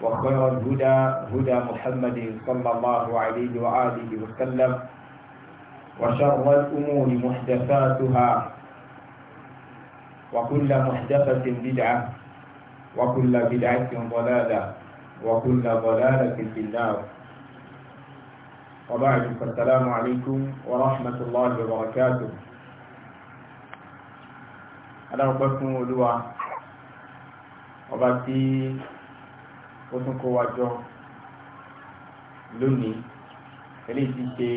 وخير الهدى هدى محمد صلى الله عليه وآله وسلم وشر الأمور محدثاتها وكل محدثة بدعة وكل بدعة ضلالة وكل ضلالة في النار وبعد فالسلام عليكم ورحمة الله وبركاته أنا أقول لكم ọba ó tún kó wa jọ lónìí eléyìí ti ṣe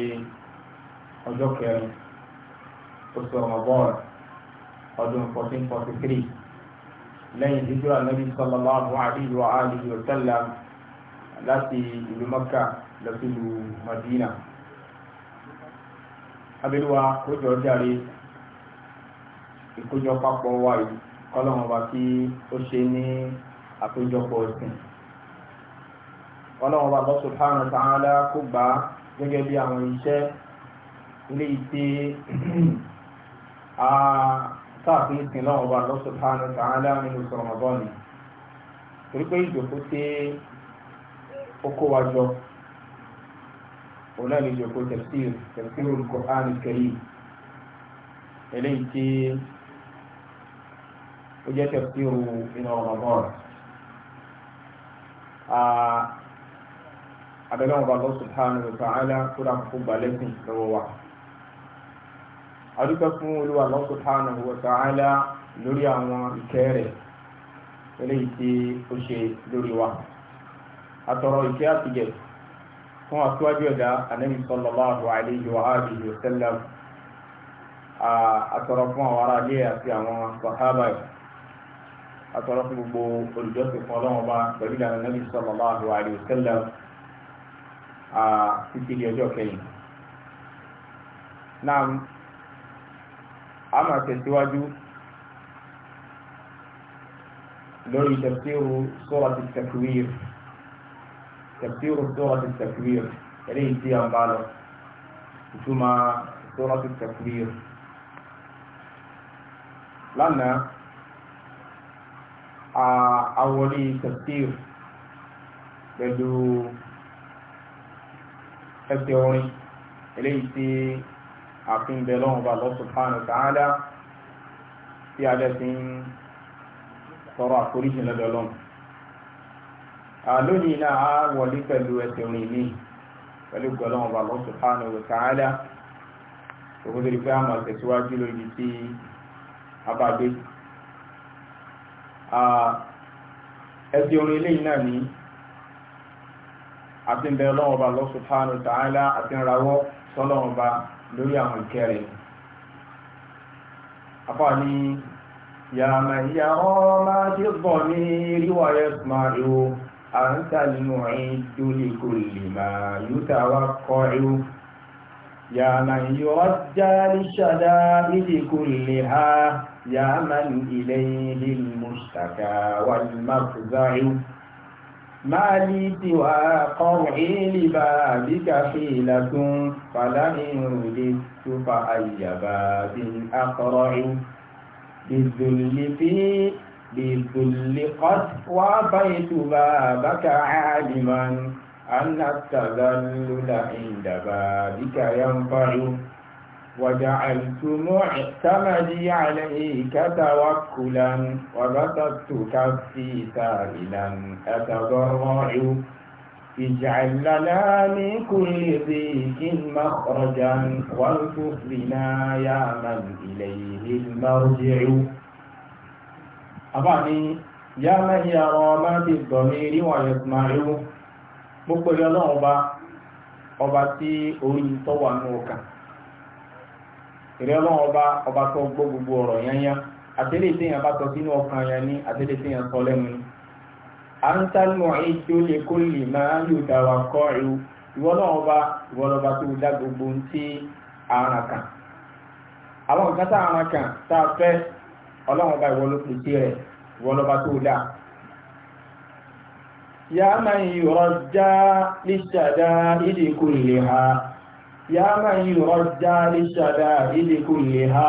ọjọ́ kẹrin oṣù ọmọbọ́ọ̀rù ọdún fourteen forty three lẹ́yìn hijira nabi sallallahu alayhi wa alihi wa sallam láti ìlú makka lọ sí ìlú madina abẹ́lúwa kójọ járe ìkójọ papọ̀ wa yìí kọ́lọ́mọba tí ó ṣe ní àkójọpọ̀ ẹ̀sìn ọlọ́run bá Allah subhanahu wa ta'ala kó gbà á gẹ́gẹ́ bí àwọn iṣẹ́ ilé ìpè sáàfin ìsìn lọ́wọ́ bá Allah subhanahu wa ta'ala nínú Ramadan torí pé ìjòkó tí ó kó wa jọ òun náà ìjòkó tafsir tafsir al-Qur'an al-Karim ó jẹ́ tafsir inú Ramadan abẹ́lẹ́ ọba Allah subhanahu wa ta'ala tó dà fún balẹ̀kùn lọ́wọ́ wa. adúpẹ́ fún olúwa Allah subhanahu wa ta'ala lórí àwọn ìkẹ́ rẹ̀ eléyìí tí ó ṣe lórí wa. àtọ̀rọ̀ ìkẹ́ àtìgẹ̀ fún aṣíwájú ẹ̀dá anabi sallallahu alayhi wa alihi wa sallam àtọ̀rọ̀ fún àwọn ará ilé àti àwọn sàhábà àtọ̀rọ̀ fún gbogbo olùjọ́sìn fún ọlọ́wọ́n bá pẹ̀lú ìlànà nabi sallallahu alayhi wa sallam títí di ọjọ́ kẹyìn náà a máa tẹ̀síwájú lórí tafsiru surati at-takwir tafsiru surati at-takwir eléyìí tí a ń bá lọ ìtumọ̀ surati at-takwir lánàá àwọlé tafsir pẹ̀lú ẹgbẹ́ orin eléyìí tí àfin bẹ lọ́wọ́ bá lọ́wọ́ subhanahu wa ta'ala tí a bẹ ti ń sọ̀rọ̀ àforíjì lọ́dọ̀ lọ́wọ́. lónìí náà a wọlé pẹ̀lú ẹsẹ̀ orin mi pẹ̀lú gbọ́lọ́wọ́ bá lọ́wọ́ subhanahu wa ta'ala pé a máa tẹ̀síwájú lórí tí a bá orin eléyìí náà ní àti ń bẹ ọlọ́wọ́n ọba Allah subhanahu wa ta'ala àti ń rawọ́ sọ́lọ́wọ́n ọba lórí àwọn ìkẹrẹ̀ afọ́ ní yàmà ìyàwó máa ti bọ̀ ní ríwọ̀ yẹ sùmáàrù àǹtà nínú ẹ̀yìn dúlé kò lè máa yúta wá kọ́ ẹ̀rù يا من يرجى للشدائد كلها يا من إليه المشتكى والمفزع ما لي سوى قرعي لبابك حيلة فلئن رددت فأي باب أقرع بالذل في بالذل قد وأبيت بابك عالما أن التذلل عند بابك ينفع وجعلتم معتمدي عليك كتوكلا وبسطت كفي سائلا أتضرع اجعل لنا من كل ضيق مخرجا وارزق بنا يا من إليه المرجع أباني يا من يرى ما في الضمير ويسمع gbogbo ìlọ́lọ́run ọba ọba tí ìrẹ́ ọlọ́run ọba ọba tó gbọ́ gbogbo ọ̀rọ̀ yányá àtẹ́lẹ̀ téèyàn bá sọ sínú ọkàn yẹn ní àtẹ́lẹ̀ ni. à ń sálùmọ̀ èyí tí ó lè kó lè máa kọ́ ọba ìwọlọ́ba tó dá gbogbo tí ara àwọn nǹkan tá a fẹ́ ọlọ́run ọba ìwọ rẹ̀ tó dá. ṣàdá ìlera yá máa yí ọjà ìṣàdá ìdíkù lè ha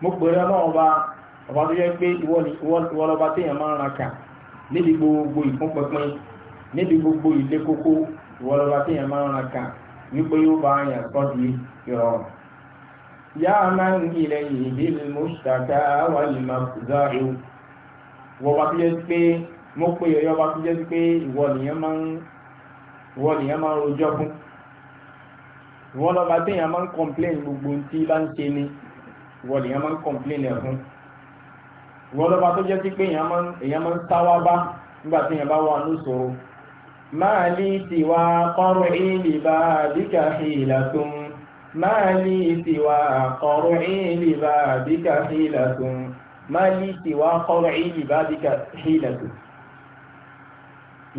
mú pèrè ọlọ́ọ̀bá ọba tó jẹ́ pé ìwọlọba téèyàn máa ń raka níbi gbogbo ìfúnpẹpin níbi gbogbo ilé kókó ìwọlọba téèyàn máa ń raka wípé yóò bá yàn ìrọ̀rùn máa ń ìdí tó pé mú ọba tó pé máa ń rojọ́ ìwọ́n lọ́ba tí èèyàn máa ń complain gbogbo tí bá ń ṣe ni ìwọ́n lèèyàn máa ń complain ẹ̀ fún ìwọ́n lọ́ba tó jẹ́ sí pé èèyàn máa ń sáwá bá nígbà tí èèyàn bá wà ní máa lè tiwa kọ́rọ̀ ìlì bá àdíkà ìlà tó ń máa lè tiwa kọ́rọ̀ ìlì bá àdíkà ìlà tó ń máa lè tiwa kọ́rọ̀ ìlì bá àdíkà ìlà tó ń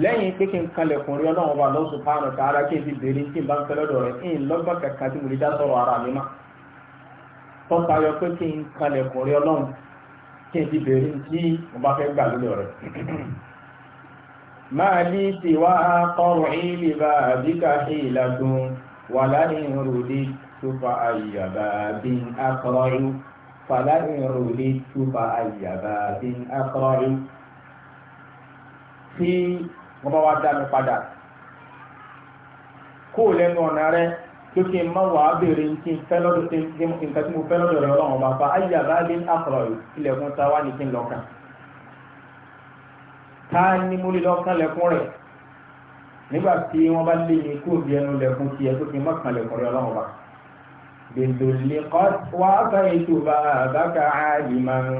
lẹ́yìn pé kí n kanlẹ̀kùn rí ọlọ́run ọba lọ́sùn fáànù tààrà kí n ti bèrè tí n bá ń fẹ́ lọ́dọ̀ rẹ̀ ń lọ́gbà kankan tí mo lè dá sọ̀rọ̀ ara mi má tọ́ta yọ pé kí n kanlẹ̀kùn rí ọlọ́run kí n ti bèrè tí mo bá fẹ́ gbà lórí rẹ̀. máa ní tiwa kọrùn ìlì bá àbíkà sí ìlàdùn wà láàrin rúdi tufa àyàbá bí akọrọyú fàlàrin rúdi tufa àyàbá bí akọrọyú. Tí wọ́n bá wá dá mi padà kó o lẹ́nu ọ̀nà rẹ lókè má wàá béèrè ní nǹkan tí mo fẹ́ lọ́dọ̀ rẹ ọlọ́run bá fa ayé àbá lé àkọlọ̀ ilẹ̀kùn ta wá ní kí n lọ́kàn ta ni mo lè lọ́kàn lẹ́kùn rẹ̀ nígbà tí wọ́n bá lé mi kó o bí ẹnu lẹ́kùn tiẹ̀ tó fi má lẹ́kùn rẹ ọlọ́run bá. bèdòlè kọ́ wá báyìí tó bá àbáka áàlì máa ń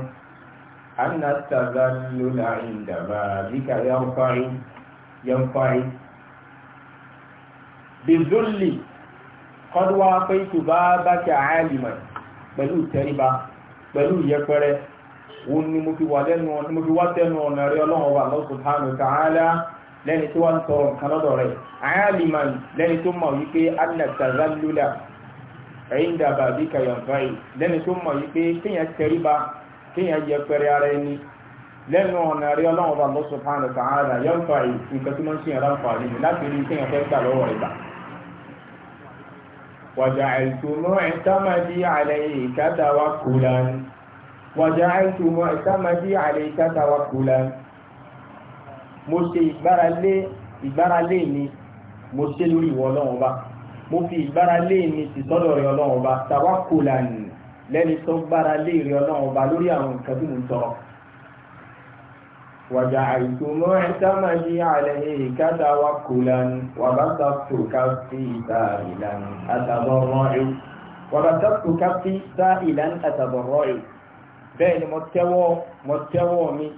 anna tazalula indaba bika yarfa'u yanfari bizulli kọ́dúwá pé ìtùbá bá kí àálìmọ̀ pẹ̀lú tẹríba pẹ̀lú yẹpẹrẹ òun ni mo fi wà tẹ́nu ọ̀nà rí ọlọ́run wa Allah subhanahu wa ta'ala lẹ́ni tí wọ́n tọrọ nǹkan lọ́dọ̀ rẹ̀ àálìmọ̀ lẹ́ni tó mọ̀ wípé anna tazallula inda babika yanfari lẹ́ni tó mọ̀ wípé kíyàn tẹríba kíyàn yẹpẹrẹ ara ẹni lẹ́nu ọ̀nà rí ọlọ́run bá lọ́sọ̀ fáànù sàárà yóò fa nǹkan tí wọ́n ń ṣe ìran fà nínú láti rí iṣẹ́ ìfẹ́ gbà lọ́wọ́ ìgbà. wàjà ìtumọ̀ ẹ̀sàmàdí àlẹ́ ìkàtà wa kùlà wàjà ìtumọ̀ ẹ̀sàmàdí àlẹ́ ìkàtà wa kùlà. mo ṣe ìgbáralé ìgbáralé mi mo ṣe lórí ìwọ ọlọ́run bá mo fi ìgbáralé mi sì sọ́dọ̀ rí ọlọ́run bá tàwa kùlà lẹ́ni tó وجعلت معتمدي عليك توكلا وبسطت كفي سائلا أتضرع وبسطت كفي سائلا أتضرع بين متوى متوى مي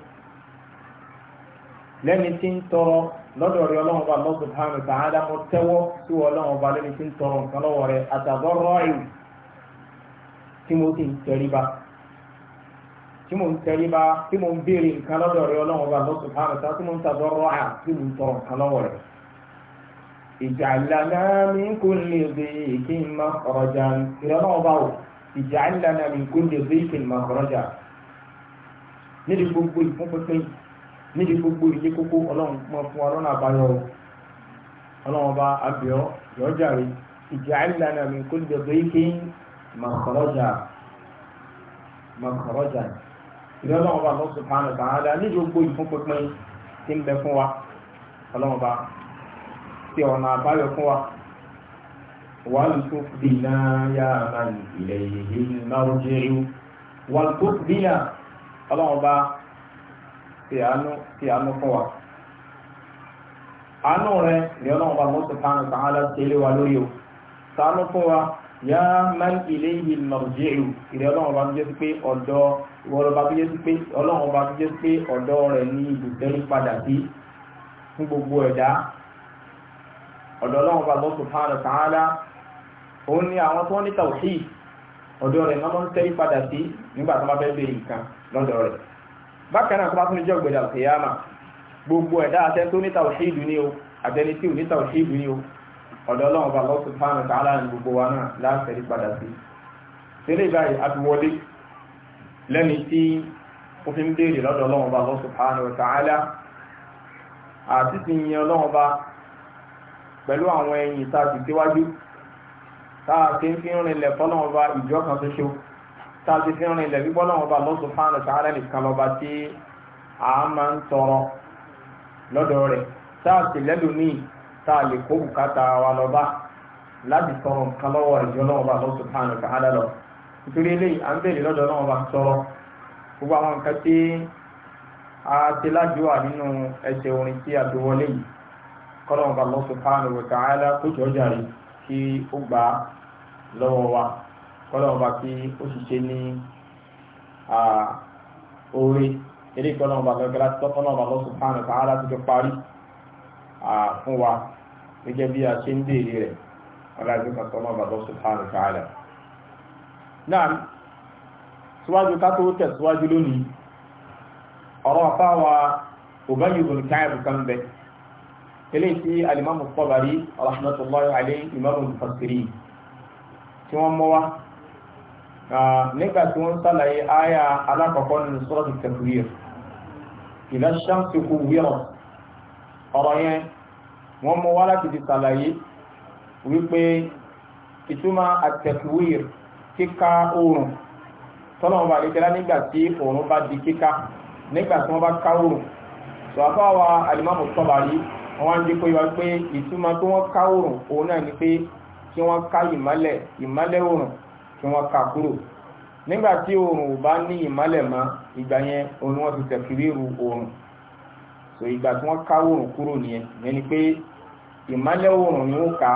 lẹ́ni tí ń tọrọ lọ́dọ̀ rẹ ọlọ́run bá lọ́sùn hàmì sàádà mo tẹ́wọ́ sí ọlọ́run bá lẹ́ni tí ń tọrọ nǹkan lọ́wọ́ rẹ àtàbọ̀rọ̀ ẹ̀yìn tí mo sì ń tẹríba tí mo ń tẹríba tí mo ń béèrè nǹkan lọ́dọ̀ rẹ ọlọ́run ọba lọ́sùn hàmẹ́ta tí mo ń tàbọ̀rọ̀ à tí mo ń tọrọ nǹkan lọ́wọ́ rẹ. ìjàlánà mi kò lè dé kí n má ọ̀rọ̀jà ìrọ̀lọ́ ọba o ìjàlánà mi kò lè dé kí n má ọ̀rọ̀jà. níbi gbogbo ìfúnpínpín níbi gbogbo ìdí kókó ọlọ́run mọ fún wa lọ́nà ọlọ́run ìrọ̀lọ́ ọba lọ subhanahu wa ta'ala ní gbogbo ìfúnpínpín tí ń bẹ fún wa ọlọ́mọba tí ọ̀nà àbáyọ fún wa wàlùkùbìnà yà máa ilẹ̀ yìí márùjẹ́rù wàlùkùbìnà ọlọ́mọba tí àánú fún wa àánú rẹ̀ ni ọlọ́mọba lọ subhanahu yá man ilé yìí marji'u ìrẹ́ ọlọ́run ọba tó jẹ́ sí pé ọ̀dọ̀ ọlọ́run ọba tó jẹ́ sí pé ọ̀dọ̀ rẹ̀ ní ìdùtẹ́rí padà sí fún gbogbo ẹ̀dá ọ̀dọ̀ ọlọ́run ọba Allah subhanahu wa ta'ala òun ni àwọn tó ní tawhid ọ̀dọ̀ rẹ̀ máa ń tẹ́rí padà sí nígbà tó bá fẹ́ béèrè nǹkan lọ́dọ̀ rẹ̀ bákan náà tó bá tún jẹ́ ọ̀gbẹ̀dà kìyàmà gbogbo ẹ̀dá ni o àtẹni tí ni o ọ̀dọ̀ ọlọ́run ọba Allah subhanahu wa ta'ala ní gbogbo wa náà láàfẹ́rí padà sí sílẹ̀ báyìí a ti wọlé lẹ́ni tí ó fi ń béèrè lọ́dọ̀ ọlọ́run ọba Allah subhanahu wa ta'ala àti ti yin ọlọ́run ọba pẹ̀lú àwọn ẹ̀yìn tá a ti tíwájú tá a ti ń fi rinlẹ̀ fọ́lọ́run ọba ìjọ kan ṣoṣo tá a ti fi rinlẹ̀ bí fọ́lọ́run ọba Allah subhanahu wa ta'ala nìkan lọ́ba tí a máa ń tọrọ lọ́dọ̀ rẹ̀ tá a ti lẹ́lòmíì tá a lè kó bùkátà wa lọ bá láti tọrọ nǹkan lọ́wọ́ ìjọ náà bá lọ́wọ́ subhanahu wa ta'ala lọ nítorí eléyìí à ń bèèrè lọ́dọ̀ náà bá sọ̀rọ̀ gbogbo àwọn nǹkan tí a ti lájúwà nínú ẹsẹ̀ orin tí a ti wọlé yìí kọ́nà bá lọ́wọ́ subhanahu wa ta'ala kó jọjà rí kí ó gbà lọ́wọ́ wa kọ́nà bá kí ó sì ṣe ní orí eré kọ́nà bá lọ́wọ́ subhanahu wa ta'ala tó parí fún wa gẹ́gẹ́ bí a ṣe ń béèrè rẹ̀ ọlájú kan sọ́mọ́ bàbá subhanahu ta'ala náà síwájú ká tó tẹ̀síwájú lónìí ọ̀rọ̀ fáwa Ubayy ibn Ka'b kan bẹ eléyìí tí alimami Tabari rahmatullahi alayhi imamu mufassiri tí wọ́n mọ́ wá nígbà tí wọ́n sálàyé ayà alákọ̀ọ́kọ́ nínú sọ́rọ̀ ti tẹ̀kùrìr ìlà kú wíọ̀ ọ̀rọ̀ yẹn wọ́n mọ wá láti fi ṣàlàyé wípé ìtumọ̀ àtẹ̀kùwìr kíka oòrùn tọ́lọ́wọ́n bá lékelá nígbà tí oòrùn bá di kíka nígbà tí wọ́n bá ká oòrùn sọ àfáwà alimami Tabari wọ́n wá ń dípò ìwà pé ìtumọ̀ tó wọ́n ká oòrùn òun náà ni pé kí wọ́n ká ìmálẹ̀ ìmálẹ̀ oòrùn kí wọ́n ká kúrò nígbà tí oòrùn ò bá ní ìmálẹ̀ mọ́ ìgbà yẹn òun wọ́n ti tẹ̀kùwìr oòrùn so ìgbà tí wọ́n ká oòrùn kúrò nìyẹn ìyẹn ni pé ìmọ́lẹ̀ oòrùn ni wọ́n ká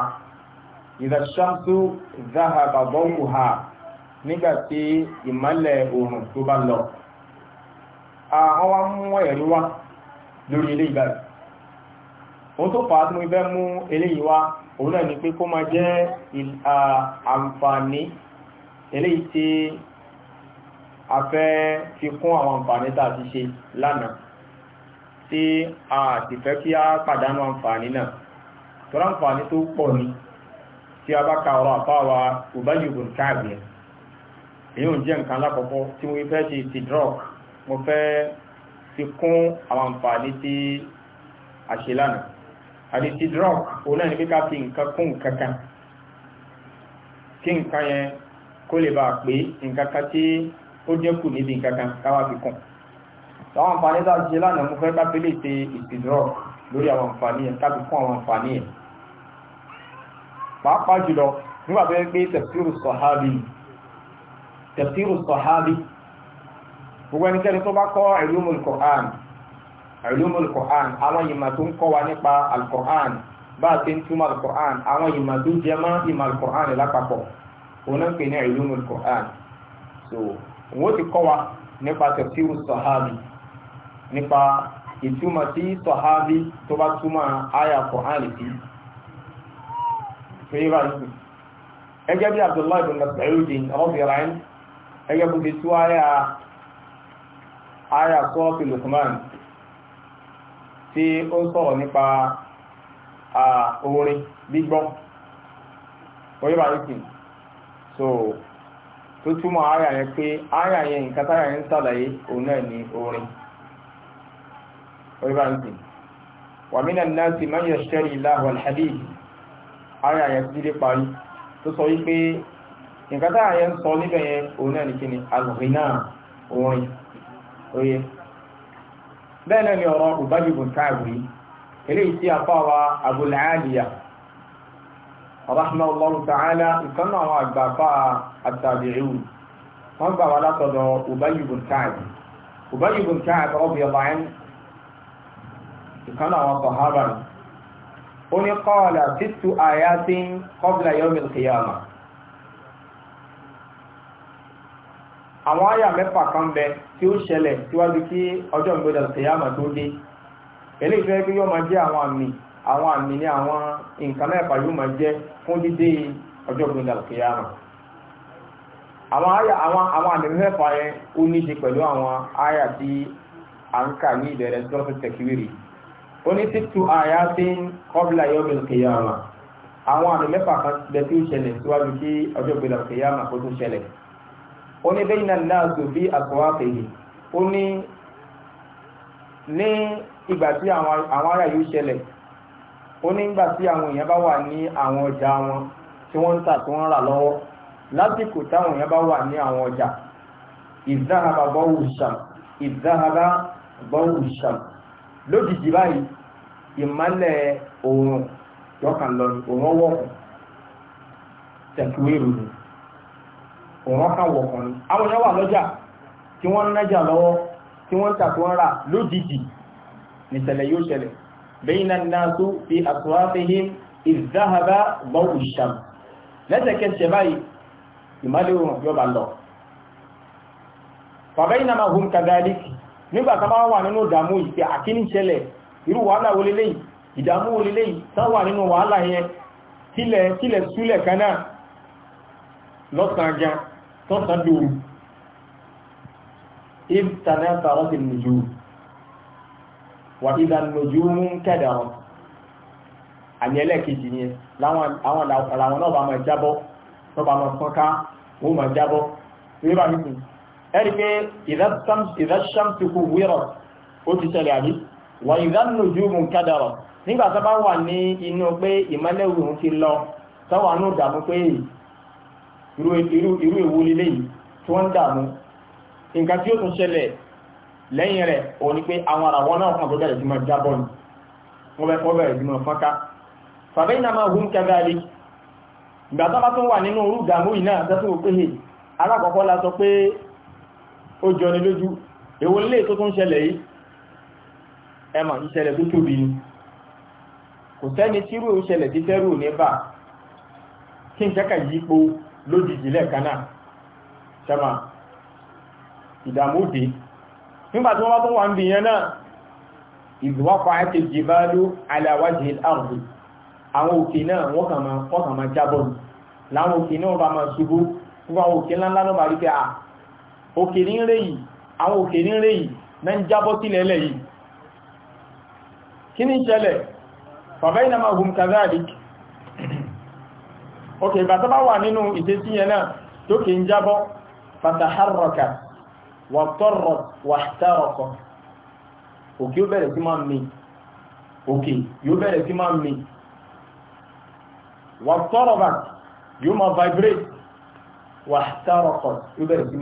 ìdàṣàmtò záhàbàbọ́wò ha nígbà tí ìmọ́lẹ̀ oòrùn tó bá lọ àwọn wa mú ẹ̀rí wá lórí ilé ìgbà ohun tó fàá tí mo fẹ́ mú eléyìí wá òun náà ni pé kó máa jẹ́ àǹfààní eléyìí tí a fẹ́ fi kún àwọn àǹfààní tá a ti ṣe lánàá tí a ti fẹ́ kí a pàdánù àǹfààní náà tọ́rọ àǹfààní tó pọ̀ ní tí a bá ka ọ̀rọ̀ àfáwà òbáyòbò káàbì èyí ò jẹ́ nǹkan lákọ̀ọ́kọ́ tí wọ́n fẹ́ ṣe ti drug mo fẹ́ fi kún àwọn àǹfààní tí a ṣe lánàá àti ti drug òun náà ní pé ká fi nǹkan kún nǹkan kan kí nǹkan yẹn kó lè bá pé nǹkan kan tí ó dínkù níbi nǹkan kan káwá fi kún àwọn àǹfààní tá a ṣe lánàá mú fẹ́ bá pélé ṣe ìpìdúrọ̀ lórí àwọn àǹfààní ẹ̀ káàbí fún àwọn àǹfààní ẹ̀ pàápàá jùlọ nígbà tó yẹ pé tẹ̀síìrù sọ̀hábì tẹ̀síìrù sọ̀hábì gbogbo ẹnikẹ́ni tó bá kọ́ ulumul Qur'an ulumul Qur'an àwọn ìmọ̀ tó ń kọ́ wa nípa al-Qur'an a ti ń túmọ̀ al-Qur'an àwọn ìmọ̀ tó jẹ mọ́ ìmọ̀ al-Qur'an lápapọ̀ òun náà ń pè ní ulumul Qur'an so nípa ìtumọ̀ tí sọ̀hábí tó bá túmọ̀ àyà kọ̀hánì sí fẹ́rà ìsù ẹgẹ́ bí Abdullahi bin Mas'ud rọ́bìnrin ẹgẹ́ bó ti tú àyà sọ́ọ̀tì Luqman tí ó sọ̀rọ̀ nípa orin gbígbọ́ fẹ́rà ìsù so tó túmọ̀ àyà yẹn pé àyà yẹn nǹkan yẹn ń sàlàyé òun náà ni orin oríbáǹtì wà mí náà náà sì máa yẹ ṣẹ́rì láwọn alhadid ara àyà sí lè parí tó sọ wípé nǹkan tá àyẹ ń sọ níbẹ̀ yẹn òun náà nìkíni alhina orin oye bẹ́ẹ̀ náà ni ọ̀rọ̀ ìbájúbù káàbùrí eléyìí tí apá wa abúláàdìyà rahmanallahu ta'ala ìkan àwọn sọ̀hábà ni ó ní qala sittu ayatin qabla yawmil qiyamah àwọn àyà mẹ́fà kan bẹ tí ó ṣẹlẹ̀ síwájú kí ọjọ́ ìgbẹ́dà qiyama tó dé eléyìí fẹ́ pé yóò máa jẹ́ àwọn àmì àwọn àmì ní àwọn nǹkan mẹ́fà yóò máa jẹ́ fún dídé ọjọ́ ìgbẹ́dà qiyama àwọn àyà àwọn àwọn àmì mẹ́fà yẹn ó ní pẹ̀lú àwọn àyà tí à ń kà ní ìbẹ̀rẹ̀ sọ́tọ̀ tẹ̀kíwìrì yìí oní títú àyà tí ń kọ́bílà yọ́bí kìyàmà àwọn àmì mẹ́fà kan bẹ tí ó ṣẹlẹ̀ síwájú kí ọjọ́ ìgbèlà kìyàmà kó tún ṣẹlẹ̀ oní bẹ́yìn náà náà tó bí àkọ́wá pèyí ó ní ní ìgbà tí àwọn ará yóò ṣẹlẹ̀ ó ní ìgbà tí àwọn èèyàn bá wà ní àwọn ọjà wọn tí wọ́n ń tà tí wọ́n ń rà lọ́wọ́ lásìkò táwọn èèyàn bá wà ní àwọn ọjà ìdáhàbà bọ́wù ṣàm ìdáhàbà bọ́wù ṣàm lójijì báyìí ìmálẹ̀ òòrùn yọkàn lọ òòrùn wọ̀kùn tẹ̀kíwéèrò ni òòrùn kan wọ̀kùn ni àwọn èèyàn wà lọ́jà tí wọ́n ń nájà lọ́wọ́ tí wọ́n ń tà tí wọ́n ń rà lójijì nìṣẹ̀lẹ̀ yóò ṣẹlẹ̀ bẹ́yìn náà tó fi àtúrà fi hí ìdáhàbá gbọ́wù ìṣàm lẹ́sẹ̀kẹsẹ̀ báyìí ìmálẹ̀ òòrùn yọba lọ. fàbẹ́yìn náà máa hùn kàdáríkì nígbà tá bá wà nínú ìdààmú ìpè àkíní ṣẹlẹ̀ irú wàhálà wo leléyìí ìdààmú wo leléyìí tá wà nínú wàhálà yẹn tílẹ̀ tílẹ̀ súlẹ̀ kan náà lọ́sàn-án gan tọ́sàn dòru ìtànà tààrà ti nìjú wà ìdánilójú mú kẹ́dàrọ̀ àmì ẹlẹ́ẹ̀kejì ni láwọn làwọn náà bá ẹ̀rí pé ìdásàmtìkù wírọ̀ ó ti tẹ̀lé àbí wà ìdánilójúmù kádàrọ̀ nígbà tó bá wà ní inú pé ìmọ́lẹ̀ òun ti lọ táwọn àánú dàmú pé irú ìwú lílé yìí tí wọ́n dàmú nǹkan tí ó tún ṣẹlẹ̀ lẹ́yìn rẹ̀ òun ni pé àwọn ara wọn náà kàn tó bẹ̀rẹ̀ sí máa jábọ̀ ni wọ́n bẹ̀rẹ̀ sí máa fọ́nká alákọ̀ọ́kọ́ la sọ pé ó jọ ní lójú èwo lè tó tún ṣẹlẹ̀ yìí ẹmà ìṣẹlẹ̀ tó tóbi ni kò sẹ́ni tírú ìṣẹlẹ̀ tí tẹ́rù ní bà kí n kẹ́kà yípo lójijì lẹ́ẹ̀kan náà sẹ́mà ìdààmú òde nígbà tí wọ́n bá tún wà ń bì yẹn náà ìdùwápa ti jìbálú aláwájì àrùn àwọn òkè náà wọ́n kàn máa jábọ̀ láwọn òkè náà bá máa ṣubú fún àwọn òkè ńláńlá náà bá rí pé òkè ní rẹ̀ yìí àwọn òkè ní rẹ̀ yìí na ń jábọ́ sílẹ̀ lẹ̀ yìí kí ní ṣẹlẹ̀ bàbá ìnàmà hùm kazadik òkè ìgbà tó bá wà nínú ìtẹ́sí yẹn náà tó kè ń jábọ́ fataharraka wà tọ́rọ̀ òkè yóò bẹ̀rẹ̀ sí máa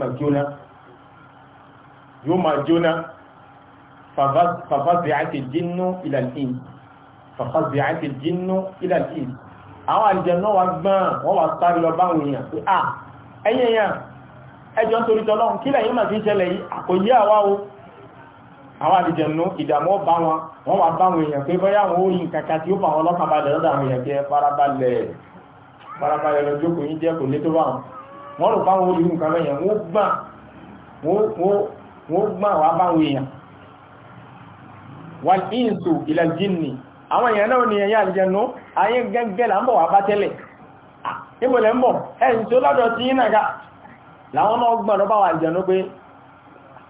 mi yóò máa jóná fàfàzìáti jínú ìlàlín fàfàzìáti jínú ìlàlín àwọn àjẹ́ náà wà gbọ́n wọ́n wà sáré lọ báwọn èèyàn pé à ẹ̀yìn èèyàn ẹjọ́ torí tọ́lọ́run kí lẹ́yìn máa fi ń ṣẹlẹ̀ yìí àkòyí àwa o àwọn àdìjẹ̀nú ìdààmú bá wọn wọ́n wà báwọn èèyàn pé bọ́yá àwọn oyin kàkà tí ó bá wọn lọ́kàn balẹ̀ lọ́dọ̀ àwọn èèyàn pé farabalẹ̀ farabalẹ̀ lọ́jọ́ kò jẹ́ kò lé tó bá wọn wọ́n rò wọ́n gbọ́n wá báwọn èèyàn wal insu ila jinni àwọn èèyàn náà ni ẹ̀yà àlùjànnú ayé gẹ́gẹ́ là ń bọ̀ wá bá tẹ́lẹ̀ ìbòlẹ̀ ń bọ̀ ẹ̀yìn tó lọ́dọ̀ sí ìnàgà láwọn náà gbọ́n lọ bá wà àlùjànnú pé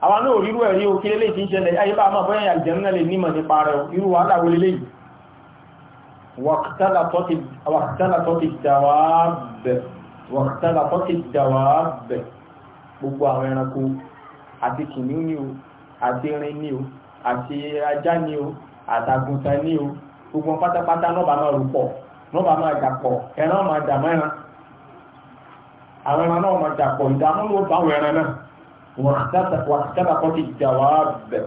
àwọn náà rírú ẹ̀rí òkè lè ti ń ṣẹlẹ̀ ayé bá máa bọ́yẹ̀ gbogbo àwọn ẹranko àti kìnìún ni o àti erin ni o àti ajá ni o àtàgùntàn ni o gbogbo pátápátá náà bá máa rò pọ̀ náà bá máa dà pọ̀ ẹran máa dà mọ́ ẹran àwọn ẹran náà máa dà pọ̀ ìdààmú ló bá àwọn ẹran náà wọ́n àtàtà kọ́ ti jà wá bẹ̀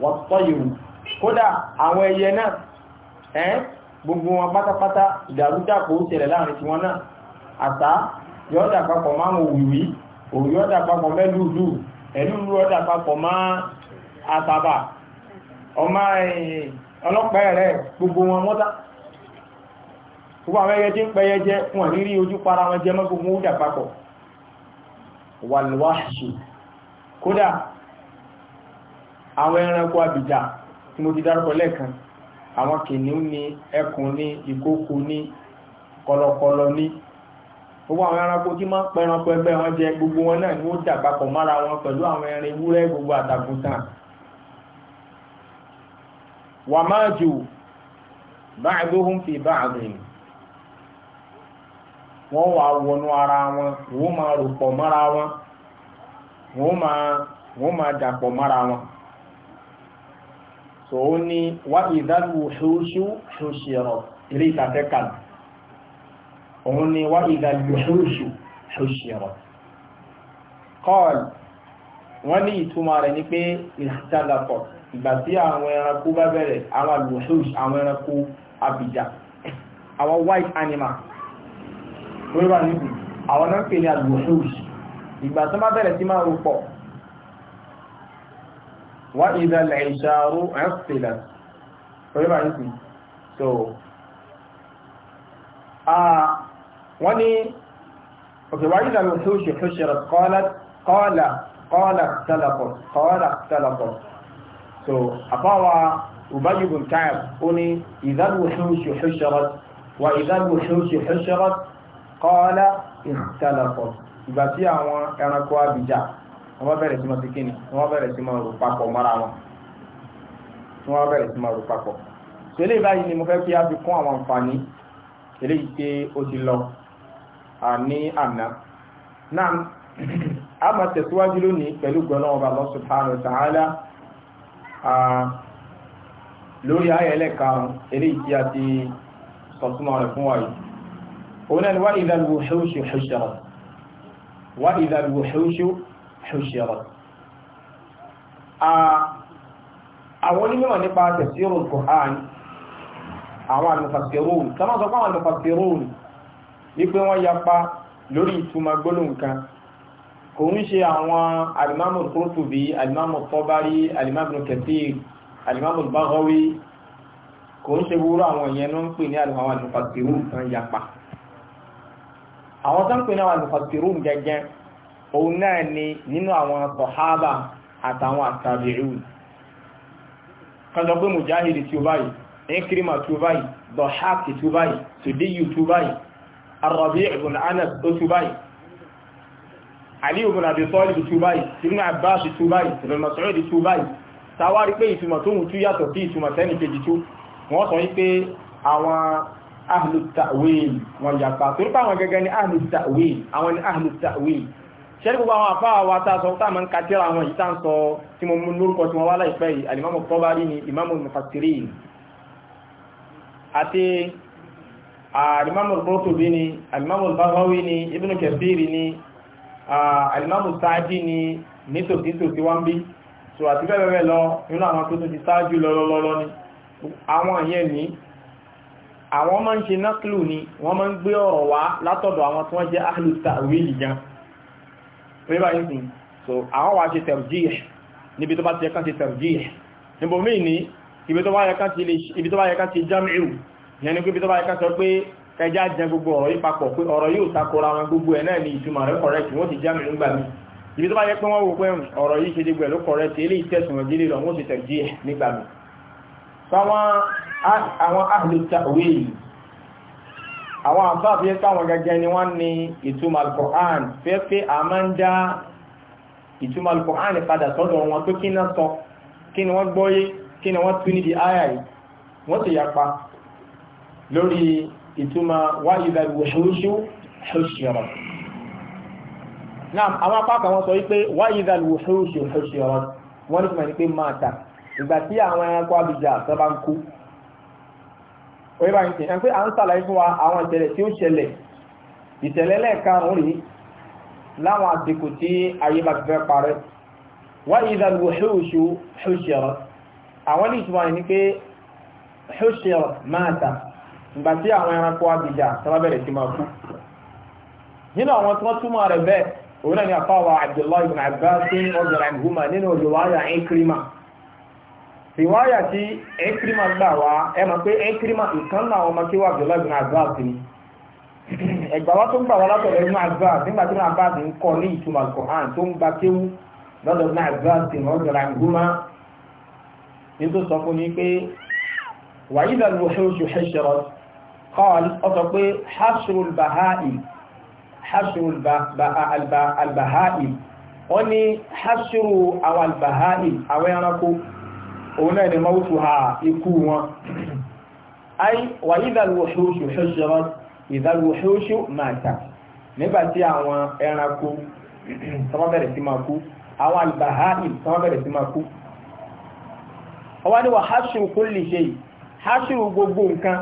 wọ́n tọ́ ìrù kódà àwọn ẹyẹ náà ẹ́ gbogbo wọn pátápátá ìdàrúdàpọ̀ ó ṣẹlẹ̀ láàrin tiwọn náà àtà yọ́dà papọ̀ máa ń òwìwí òwìwí yọ́dà papọ̀ mẹ́lúùlù ẹ̀lú rọ́dà papọ̀ má àtàbà ọmọ ọlọ́pàá rẹ̀ gbogbo wọn mọ́ta gbogbo àwọn ẹyẹ tí ń pẹyẹ jẹ wọn rírí ojú para wọn jẹ mọ́ gbogbo ó dà papọ̀ wàlúwàṣù kódà àwọn ẹranko àbìjà tí mo ti dárúkọ lẹ́ẹ̀kan ni kọlọkọlọ ni gbogbo àwọn ẹranko tí máa ń pẹranko ẹgbẹ́ wọn jẹ gbogbo wọn náà ni ó dà papọ̀ mára wọn pẹ̀lú àwọn ẹran ewúrẹ́ gbogbo àtàkùntàn wà máa jù ba'duhum fi ba'din wọ́n wà wọnú ara wọn wọ́n máa rò pọ̀ mára wọn wọ́n máa wọ́n máa dà pọ̀ mára wọn tòun ni wá ìdánwò ṣoṣù ṣoṣì ẹ̀rọ ilé ìtàkẹ́kàlù òun ni wá ìdá lùhúṣù ṣòṣìrọ̀ kọ́ọ̀l wọ́n ní ìtumọ̀ rẹ̀ ní pé ìsìtàlàpọ̀ ìgbà tí àwọn ẹranko bá bẹ̀rẹ̀ àwọn lùhúṣù àwọn ẹranko àbìjà àwọn white animal wíwà níbi àwọn náà pè ní àlùhúṣù ìgbà tó má bẹ̀rẹ̀ sí máa rúpọ̀ wá ìdá lẹ̀ṣàrú ẹ̀fìlẹ̀ wíwà níbi so ah, wọ́n ní òkèwáyé náà ló tó ṣe tó ṣe rẹ̀ kọ́lá kọ́lá tẹ́lẹ̀pọ̀ kọ́lá tẹ́lẹ̀pọ̀ so àbáwa Ubayy bin Ka'b ó ní ìdánwò tó ṣe ṣẹ́ṣẹ́rẹ́ wà ìdánwò tó ṣe ṣẹ́ṣẹ́rẹ́ kọ́lá ìtẹ́lẹ̀pọ̀ ìgbà tí àwọn ẹranko abìjà wọ́n bẹ̀rẹ̀ sí máa ti kíni wọ́n bẹ̀rẹ̀ sí máa rò papọ̀ mọ́ra wọn wọ́n bẹ̀rẹ̀ ni mo fẹ́ kí a fi kún àwọn àǹfààní eléyìí pé ó ti lọ ní àná náà a máa tẹ̀síwájú lónìí pẹ̀lú gbọ́nà ọba Allah subhanahu wa ta'ala lórí ayẹ̀lẹ̀ karùn-ún eré ìtí àti sọ̀túnmọ̀ rẹ̀ fún wáyé òun náà ni wá idhal wuhushu hushirat wá idhal wuhushu hushirat àwọn onímọ̀ wípé wọ́n yapa lórí ìtumọ̀ gbólóhùn kan kò ń ṣe àwọn alimamu kúrútùbí alimamu tọ́bárí alimamu kẹfíì alimamu bagawi kò ń ṣe wúrọ̀ àwọn ìyẹn ló ń pè ní alimamu alifasiru kan yapa àwọn tó ń pè ní alifasiru gẹ́gẹ́ òun náà ni nínú àwọn sọ̀hábà àtàwọn àtàbíru kọjọ pé mujahidi tí ó báyìí ikirima tí ó báyìí dọ̀háàkì tí ó báyìí sùdíyù tí ó báyìí Ar-Rabi' ibn Anas tó tú báyìí Ali ibn Abi Talib tú báyìí Ibn Abbas tú báyìí Ibn Mas'ud tú báyìí tàwárí pé ìtumọ̀ tó mú tú yàtọ̀ sí ìtumọ̀ tẹ́nì kejì tú wọ́n sọ wípé àwọn ahlu ta'wil wọn yàpá torí pé àwọn gẹ́gẹ́ ní ahlu ta'wil àwọn ní ahlu ta'wil ṣẹ́rí gbogbo àwọn àfáà wa tá a sọ táà máa ń kàtíra àwọn ìta ń sọ tí mo mú lórúkọ tí wọ́n wá láìpẹ́ yìí alimamu Tabari ni imamu mufassirin àti alimamul ah, Qurtubi ni alimamul Baghawi ni Ibn Kathir ni alimamul ah, Sa'di ni nítòsí tòsí wá ń bí so àti bẹ́ẹ̀ bẹ́ẹ̀ lọ nínú àwọn tó tún ti sáájú lọ́lọ́lọ́lọ́ ni àwọn ìyẹn ní àwọn máa ń ṣe náklù ni wọ́n máa ń gbé ọ̀rọ̀ wá látọ̀dọ̀ àwọn tí wọ́n jẹ́ ahlu ta'wil gan pẹ́bà yìí so àwọn wá ṣe tarjih níbi tó bá ti yẹ kán ṣe tarjih níbo míì ní ibi tó bá yẹ kán ṣe jam'u yẹn ni pé bíta báyìí ká sọ pé ẹjá jẹ gbogbo ọ̀rọ̀ yìí papọ̀ pé ọ̀rọ̀ yóò takora wọn gbogbo ẹ̀ náà ni ìtumọ̀ rẹ̀ correct wọ́n ti jámì nígbà mi ibi tó bá yẹ pé wọ́n wò pé ọ̀rọ̀ yìí ṣe dégbẹ̀ ló correct eléyìí tẹ̀sùn ìdílé lọ wọ́n ti tẹ̀ díẹ̀ nígbà mi àwọn àhìlẹ̀ta òwe yìí àwọn àǹfàà fi káwọn gẹ́gẹ́ ni wọ́n ní ìtumọ̀ al-Qur'an fẹ́ pé a máa ń dá ìtumọ̀ al-Qur'an wọ́n ti yapa lórí ìtumọ̀ wáyìdá ìwòṣòṣù ṣòṣìọ̀rọ̀ náà àwọn apákan wọn sọ wípé wáyìdá ìwòṣòṣù ṣòṣìọ̀rọ̀ wọ́n ní túnmọ̀ ní pé máa ta ìgbà tí àwọn ẹranko abìjà tó bá ń kú orí báyìí tẹ̀ ẹ̀ pé à ń sàlàyé fún wa àwọn ìṣẹ̀lẹ̀ tí ó ṣẹlẹ̀ ìṣẹ̀lẹ̀ lẹ́ẹ̀karùn-ún rèé máa ta ìgbà tí àwọn ẹranko abìjà sábà bẹ̀rẹ̀ máa kú nínú àwọn tí wọ́n túmọ̀ rẹ̀ bẹ́ẹ̀ òun náà ni àfáwà Abdullahi ibn Abbas ọ̀gbìn àìhùmà nínú ìwáyà Ikrima ìwáyà tí Ikrima gbà wá ẹ mọ̀ pé Ikrima ìkan náà ọmọ kí wà Abdullahi ibn ni wá tó ń gbà wá látọ̀rọ̀ nígbà tí ń ní ìtumọ̀ tó ń gba kéwú lọ́dọ̀ sọ fún pé wàyí قال أطبي حشر البهائم حشر البهائم أني حشر أو البهائم أو ينكو أولئك موتها يكون أي وإذا الوحوش حشرت إذا الوحوش ماتت nígbàtí àwọn ẹranko tọ́wọ́ bẹ̀rẹ̀ sí máa kú àwọn albaha'im tọ́wọ́ bẹ̀rẹ̀ sí máa kú ọwá ní wà hásùrù kulli shay hásùrù gbogbo nǹkan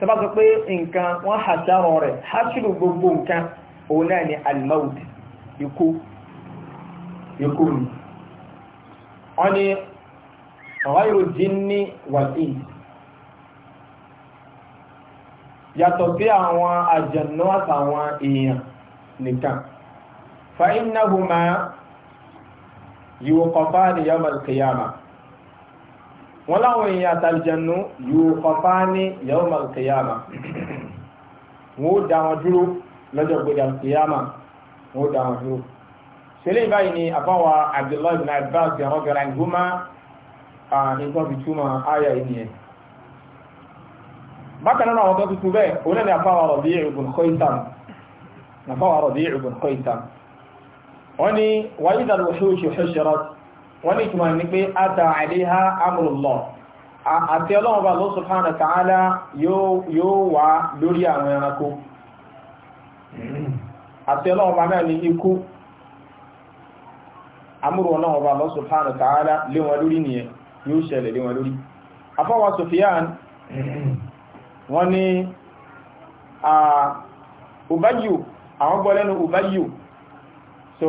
tọ́bá sọ pé nǹkan wọ́n hàṣàrọ̀ rẹ̀ hàṣìrò gbogbo nǹkan òun náà ni almaud ikú ikú ni wọ́n ni ọ̀háyò jinni wàlíì yàtọ̀ sí àwọn àjẹ̀nú àtàwọn èèyàn nìkan fa innahuma yuqafani yawm al-qiyamah wọ́n láwọn èèyàn àtàlìjẹ̀nú yóò kọfá ní yawmal qiyama wọ́n ó dá wọn dúró lọ́jọ́ gbogbo alkiyama wọ́n ó dá wọn dúró ṣẹlẹ̀ báyìí ni àbáwa Abdullahi bin Abbas yàwọn gara ìgbóma nǹkan fi túmọ̀ ayà ènìyàn bákan náà àwọn tó tuntun bẹ́ẹ̀ òun ni àbáwa Rabi'u bin Khaytham àbáwa Rabi'u bin Khaytham wọ́n ni wàyí dàlùwẹ̀ wọ́n ní ìtumọ̀ ní pé ta àìlèha amrullah àti ọlọ́run bá Allah subhanahu wa yóò wá lórí àwọn ẹranko àti ọlọ́run bá náà ní ikú amúrù bá Allah subhanahu wa ta'ala lórí nìyẹn yóò ṣẹlẹ̀ lé lórí so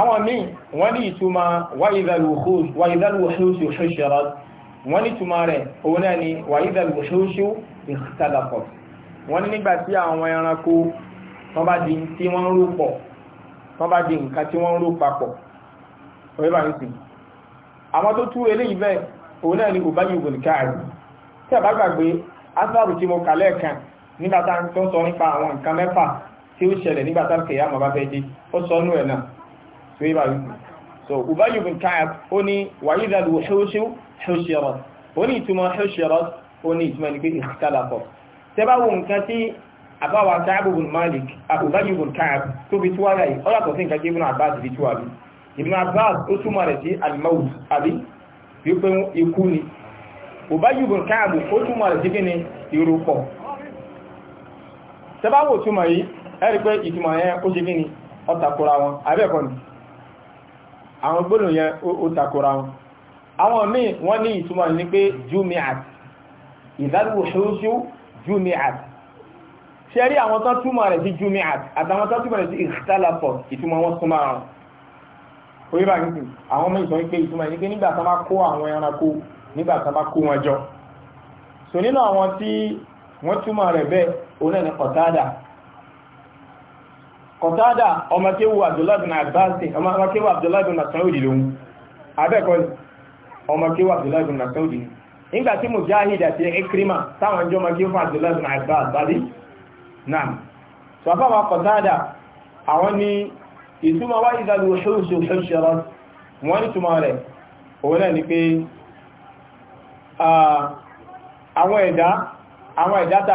àwọn míì wọ́n ní ìtumọ̀ wàídàlùwòṣóṣù ṣíṣẹ́rọ̀ wọ́n ní ìtumọ̀ rẹ̀ òun náà ni wàídàlùwòṣóṣù ìtàdàpọ̀ wọ́n ní nígbà tí àwọn ẹranko wọ́n bá di tí wọ́n rú pọ̀ wọ́n bá di nǹkan tí wọ́n rú papọ̀ ọ̀rẹ́ bá ń sìn àwọn tó tú eléyìí bẹ́ẹ̀ òun náà ni Ubayy ibn Ka'b tí àbá gbàgbé tí mo kà tó yíba so Ubayy bin Ka'ab ó ní wàyí dàlú ṣóṣíw ṣóṣírọ̀ ó ní ìtumọ̀ ṣóṣírọ̀ ó ní ìtumọ̀ ní pé ìtàlàpọ̀ tẹ́bá wo nǹkan tí àbáwá Ka'ab bin Malik Ubayy bin Ka'ab tó fi túwá rẹ̀ ó yàtọ̀ sí nǹkan tí Ibn Abbas fi túwá bí Ibn Abbas ó túmọ̀ rẹ̀ sí al-mawt wípé ikú ni Ubayy bin Ka'ab ó túmọ̀ rẹ̀ sí kí ni ìrúpọ̀ tẹ́bá wo túmọ̀ yìí ẹ̀rí pé ìtumọ̀ yẹn ó ṣe kí ni ó wọn abẹ́ẹ̀kọ́ ni àwọn gbóòlò yẹn ó takora wọn àwọn míì wọ́n ní ìtumọ̀ ní pé jumiat ìdádùwòṣóṣó jumiat ṣe rí àwọn tán túmọ̀ rẹ̀ sí jumiat àtàwọn tán túmọ̀ rẹ̀ sí ìtàlàpọ̀ ìtumọ̀ wọn súnmọ́ àwọn orí bá nìkú àwọn ọmọ ìtàn pé ìtumọ̀ ní pé nígbà tán bá kó àwọn ẹranko nígbà tán bá kó wọn jọ so nínú àwọn tí wọ́n túmọ̀ rẹ̀ bẹ́ẹ̀ onáà ní kọ̀tádà ọmọkéwò Abdullahi bin Abbas ọmọkéwò Abdullahi bin Mas'ud lòun abẹ́kọ́ ọmọkéwò Abdullahi bin Mas'ud ni nígbà tí Mujahid àti Ikrima táwọn jọ ọmọkéwò fún Abdullahi bin Abbas bàbí náà sọfá wa kọ̀tádà àwọn ni ìtumọ̀ wá ìdàlù ṣóṣù ṣọ́ṣọ́rọ́ wọ́n ní túmọ̀ rẹ̀ òun náà ni pé àwọn ẹ̀dá àwọn ẹ̀dá tá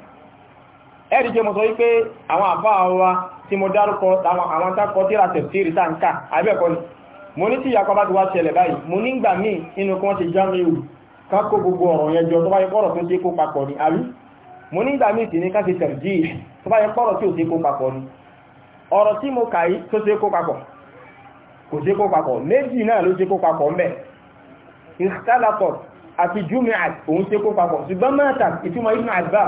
ẹ̀rí jẹ́ mọ̀ sọ wípé àwọn àbá wa tí mo dárúkọ àwọn tákọ tíra tẹ̀síìrì tá ń kà àbẹ́ẹ̀kọ́ ni mo ní tí ìyàpá bá ti wá ṣẹlẹ̀ báyìí mo nígbà míì nínú kí wọ́n ti já mi wù ká kó gbogbo ọ̀rọ̀ yẹn jọ tó bá yẹ kọ́rọ̀ tó ṣe kó papọ̀ ni àbí mo nígbà míì sì ní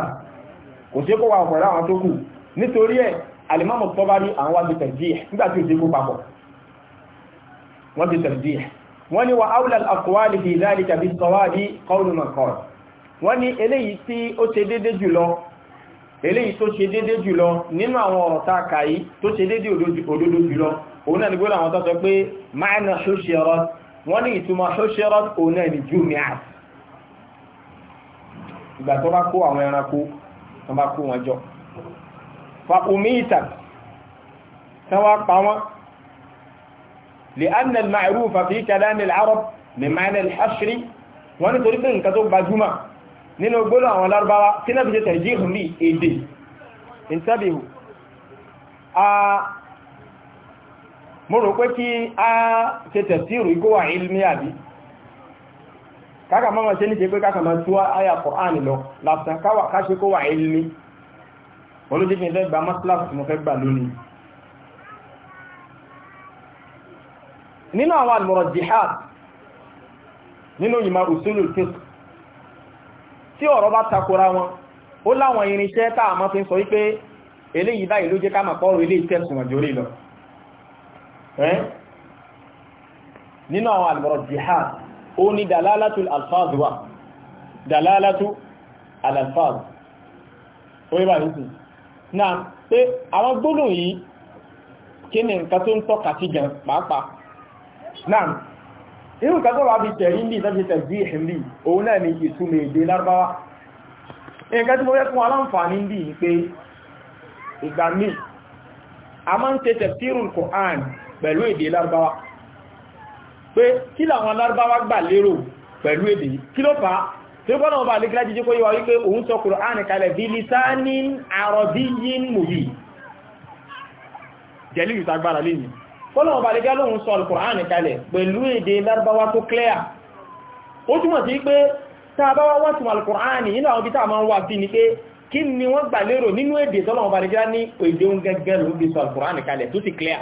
kò sí kó wà pẹ̀lú àwọn tó kù nítorí ẹ̀ alimami tọ́bárí àwọn wájú tẹ̀dí ẹ̀ nígbà tí ó ti kó papọ̀ wọ́n ti tẹ̀dí ẹ̀ wọ́n ni wà áwùlà àkọwàlì fi ìdáàlì tàbí sọ́wádì kọ́ọ̀lù mọ̀kọ́ wọ́n ni eléyìí tí ó ṣe déédé jùlọ eléyìí tó ṣe déédé jùlọ nínú àwọn ọ̀rọ̀ tá a kà yìí tó ṣe déédé òdodo jùlọ òun náà ni gbọ́dọ̀ àwọn tó sọ pé máàna ṣóṣẹ́rọ́ wọ́n ní ìtumọ̀ ṣóṣẹ́rọ́ òun náà ni jùmíà ìgbà tó bá kó àwọn ẹranko wọ́n bá kó wọn jọ fa omi ìta tán wá pa wọ́n lè anna al-ma'ruf fi kalam al-arab min ma'na al-hashr wọ́n ní torí pé nǹkan tó gbajúmọ̀ nínú gbólọ̀ àwọn lárúbáwá tí náà fi tẹ̀jí ìhùn ní èdè ìntẹ́bìhù mo rò pé kí a ṣe tẹ̀síìrù ìgówà ilmi àbí káka máa máa ṣe ní ṣe pé káka máa túwá àyà Kùránì lọ lásán káwà káṣe kó wà ilmi olóṣèṣe fẹ́ gba mọ́síláàsì tí mo fẹ́ gbà lónìí nínú àwọn àlùmọ̀rọ̀ jihad nínú ìmọ̀ usulul fiqh tí ọ̀rọ̀ bá takora wọn ó láwọn irinṣẹ́ tá a máa fi ń sọ wípé eléyìí báyìí ló jẹ́ ká máa pọ́rọ̀ ilé ìtẹ́sùn àjórí lọ nínú àwọn àlùmọ̀rọ̀ jihad ó ní dalalatu alfaz wa dalalatu alfaz orí bá nìsí náà pé àwọn gbólóhùn yìí kí ni nǹkan tó ń tọ́ka sí gan pàápàá náà irú nǹkan tó wà bí tẹ̀rí ní ìtọ́jú tẹ̀sí ìhìnlì òun náà ni ìtumọ̀ èdè lárúbáwá nǹkan tí mo yẹ fún aláǹfààní bí i pé ìgbà míì a máa ń tẹ́ tẹ̀sírùn Qur'an pẹ̀lú èdè lárúbáwá pé kí làwọn lárúbáwá gbà lérò pẹ̀lú èdè kí ló fà á tí ó bọ́nà ọba àlékílá jíjí kó yíwa wípé òun sọ Kùránì kalẹ̀ bí lisani arọ̀díyìn mòyí jẹ́lì ìtagbára lẹ́yìn bọ́nà ọba àlékílá lóhun sọ Kùránì kalẹ̀ pẹ̀lú èdè lárúbáwá tó clear ó túmọ̀ sí pé tàbáwá wá túnmọ̀ Kùránì nínú àwọn bíta máa ń kí ni wọ́n gbà lérò nínú èdè tọ́lọ̀ ọba àlékílá ní èdè oúnjẹ gẹ́gẹ́ lóbi sọ Kùránì tó sì clear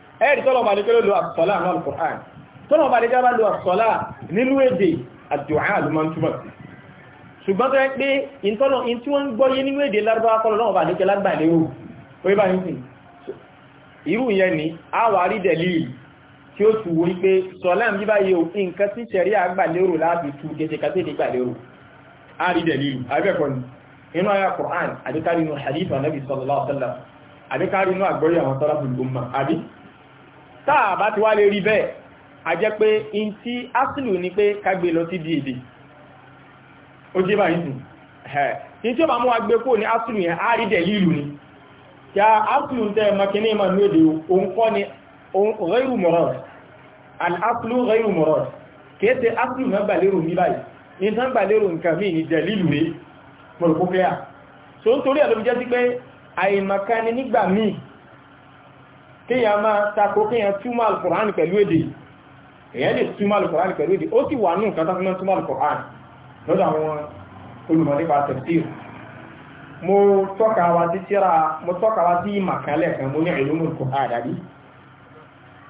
ẹ̀rì tọ́lọ̀ bá dékẹ́ lò àṣọ́lá náà Al-Qur'an tọ́lọ̀ bá dékẹ́ bá lò àṣọ́lá nínú èdè àdùá àlùmọ́ túmọ̀ ṣùgbọ́n tó yẹ pé ìtọ́lọ̀ in tí wọ́n ń gbọ́yé nínú èdè lárúbáwá kọ́lọ̀ náà bá dékẹ́ lágbà lérò pé bá ń sìn irú yẹn ni a wà rí dẹ̀lì tí ó tùwò wípé sọ́lám yí báyé o nǹkan tí ṣẹ̀rí àgbàlérò láti tú gẹ́gẹ́ kàtẹ́lẹ̀ gbàlérò a rí dẹ̀lì abẹ́kọ̀ ni inú hadith wa nabi sallallahu alaihi wasallam àdíkárínú àgbọ́rí àwọn tọ́lá táà bá ti wá lè rí bẹ́ẹ̀ a jẹ́ pé in tí asìlù ní pé kágbé lọ sí di èdè ó jẹ́ báyìí dùn ẹ̀ ní tí ó bá mú wa gbé kó ní asìlù yẹn á rí dẹ̀ lílù ni ya asìlù tẹ́ ẹ̀ mọ́kí ní ìmọ̀ ní èdè òun kọ́ ni ghayru murad al asìlù ghayru murad kìí ṣe asìlù náà gbà lérò ní báyìí in tán gbà lérò nǹkan míì ni nígbà kéèyàn máa tako kéèyàn túmọ̀ alukur'an pẹ̀lú èdè èyàn lè túmọ̀ alukur'an pẹ̀lú èdè ó sì wà ní nǹkan tó fi máa túmọ̀ alukur'an lọ́dọ̀ àwọn olùmọ̀ nípa tafsir mo tọ́ka wa sí síra mo tọ́ka wa sí ìmàkálẹ̀ kan mo ní ìlú alukur'an dàbí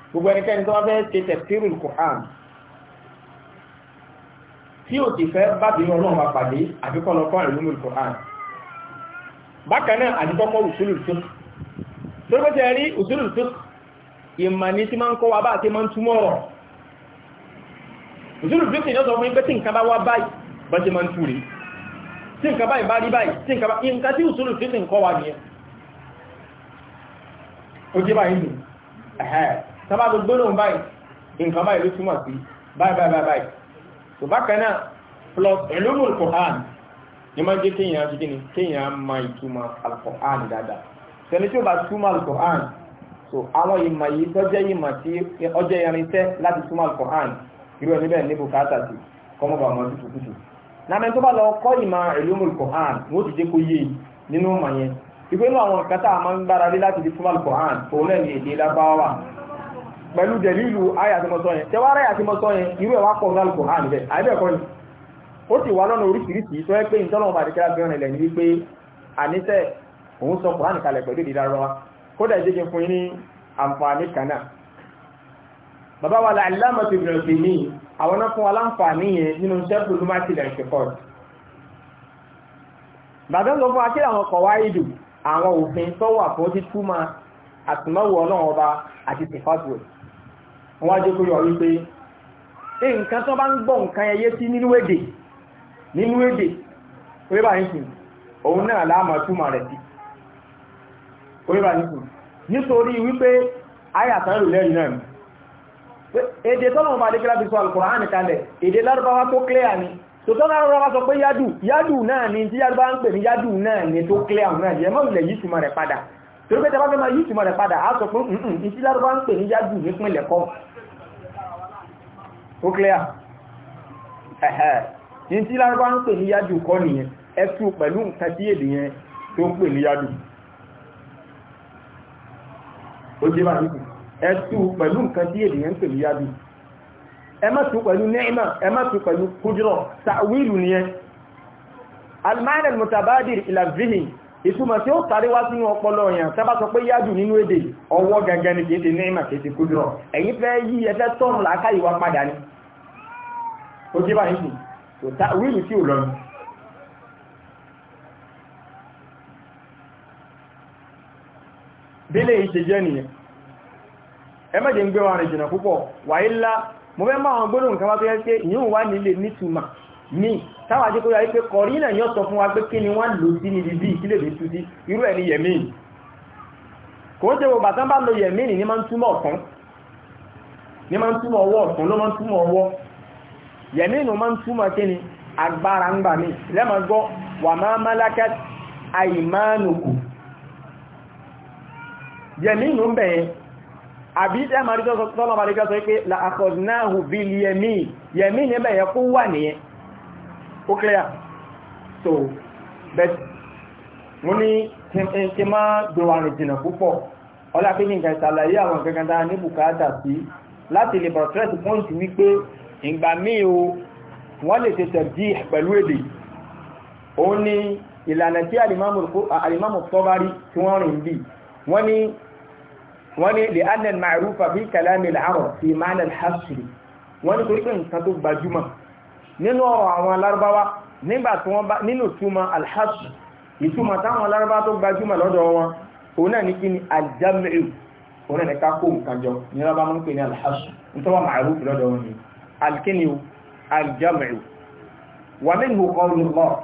gbogbo ẹnikẹ́ni tó wá fẹ́ ṣe tafsir alukur'an tí ò ti fẹ́ bá bí ọlọ́run bá pàdé àbíkọ́ lọ́kọ́ ìlú alukur'an bákan náà torí pé rí usulul fiqh ìmọ̀ ní tí máa ń kọ́ wa bá àti máa ń túmọ̀ ọ̀rọ̀ usulul fiqh ní ọ̀sọ̀ fún yín pé tí nǹkan bá wá báyìí bá ṣe máa ń túre tí nǹkan báyìí bá rí báyìí tí nǹkan bá nǹkan tí usulul fiqh ń kọ́ wa nìyẹn nǹkan báyìí ló túmọ̀ tẹni tí ó bá túmọ̀ alukur'an so àwọn ìmọ̀ yìí tó jẹ́ ìmọ̀ tí ọjọ́ irinṣẹ́ láti túmọ̀ alukur'an irú ẹni bẹ́ẹ̀ ní bùkátà sí kọ́mọ́ bá wọn tutù tutù nàmẹ́ tó bá lọ kọ́ ìmọ̀ ìlúmọ̀ alukur'an wọ́n ti jẹ́ kó yé e nínú ìmọ̀ yẹn ìgbé inú àwọn nǹkan tá a máa ń gbára lé láti fi túmọ̀ alukur'an òun náà ní èdè lábáwá pẹ̀lú dẹ̀lílù ayé àtìmọ́sọ́ yẹn tẹ́wọ́ ara àtìmọ́sọ́ yẹn irú ẹ̀ wá òun sọ kùránì kalẹ̀ pẹ̀lú ìdí Lárúbáwá kódà ìdí kí n fún yín ní àǹfààní kan náà bàbá wa la Allāmah Ibn Uthaymin àwọn náà fún wa láǹfààní yẹn nínú sẹ́kù ló wa kí àwọn kọ̀ wá ìdù àwọn òfin tó wà fún títúmọ̀ àtìmọ́wò ọlọ́run ọba àti tìfásùwẹ̀ wọ́n jẹ́ kó yọ wípé nǹkan tó bá òun náà láàmà túmọ̀ rẹ̀ oríwà nìkù nítorí wípé ayàtàrù lẹ́rìn náà èdè tọ́nà ọba adékẹ́lá fi sọ alkùnrán kalẹ̀ èdè lárúbáwá tó clear ni tó tọ́nà lárúbáwá sọ pé yádù yádù náà ni tí yádù bá ń pè ní yádù náà ni tó clear náà yẹ mọ́ ilẹ̀ yìí túnmọ̀ rẹ̀ padà torí pé tẹ́bá fẹ́ máa yìí túnmọ̀ rẹ̀ padà á sọ pé nǹkan ní tí lárúbáwá ń pè ní clear ní tí lárúbáwá ń pè ní yádù kọ́ nìyẹn ẹ tú pẹ̀lú nǹkan tí ó jẹ́ bá níbi ẹ tú pẹ̀lú nǹkan tí ènìyàn ń pè ní yábí ẹ má tú pẹ̀lú nẹ́ẹ̀mà ẹ má tú pẹ̀lú kújúrọ̀ tàwílù nìyẹn almaana mutabadir ila zihin ìtumọ̀ tí ó sáré wá sínú ọpọlọ èèyàn sábà sọ pé yájú nínú èdè ọwọ́ gangan ni kìí ṣe nẹ́ẹ̀mà kìí ṣe kújúrọ̀ ẹ̀yìn fẹ́ yí ẹfẹ́ tọ́ọ̀mù làákàyè wá padà ni ó jẹ́ bá níbi tàwílù tí ò lọ́nu bílé ìṣe jẹ́ nìyẹn ẹ mẹ́jẹ̀ ń gbé wa rẹ̀ jìnà púpọ̀ wàílá mo fẹ́ máa gbọ́nà nǹkan wá tó yẹ pé ìyún wà nílé nítumà ní táwà jẹ́ kó yà pé kọ̀rí yọ́ sọ fún wa pé kí ni wọ́n lò sí níbi bí ìkílẹ̀ bí tú irú ẹ̀ ní kò ń ṣe gbogbo àtàn bá lo yẹ̀mín ní máa ń túmọ̀ ló máa ń túmọ̀ ọwọ́ ló máa ń túmọ̀ kí ni agbára ń gbà yẹmínú ń bẹ̀yẹn àbí tẹ́ ma rí tọ́lọ́ ma rí kẹ́ sọ pé la akhadnahu bil yamin yẹmí ní bẹ̀yẹn kó wà nìyẹn ó clear so bet mo ní kí má dùn àrùn jìnà púpọ̀ ọlá pé kí n kẹ́ ṣàlàyé àwọn kankan dára ní bùkátà sí láti lè bọ̀ stress point wípé ìgbà míì o ìlànà tí alìmọ́mù tọ́bárí tí wọ́n rìn bí wọ́n ní wọ́n ní lè annan ma'arufa bí kalami al'arọ̀ fi ma'anar hasri wọ́n ní torí nǹkan tó gbajúmọ̀ nínú ọ̀rọ̀ àwọn alárúbáwá nígbà tí wọ́n bá nínú túmọ̀ alhasri ìtumọ̀ táwọn alárúbá tó gbajúmọ̀ lọ́dọ̀ wọn òun náà ní kí ni aljamiu òun náà ní ká kó ní lọ́ba mú pé ní alhasri nítorí wọn ma'aruf lọ́dọ̀ wọn ni alkiniu aljamiu wà mí nù kọ́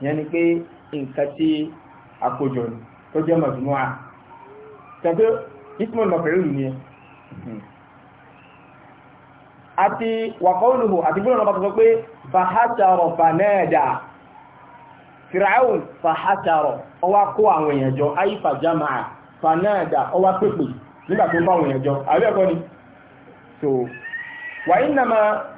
yẹn ni pé nǹkan tí àkójọ ni tó jẹ́ mọ̀jùmọ́ à tẹ̀pẹ́ ismail mọ̀fẹ́rẹ́lù ni ẹ àti wàkọ́ọ̀lùhù àti gbọ́nà ọba tuntun pé fàhátàrọ̀ fanẹ́ẹ̀dà fìràún fàhátàrọ̀ ọwá kó àwọn èèyàn jọ àyífà jamaà fanẹ́ẹ̀dà ọwá pèpè nígbà tó ń bá àwọn èèyàn jọ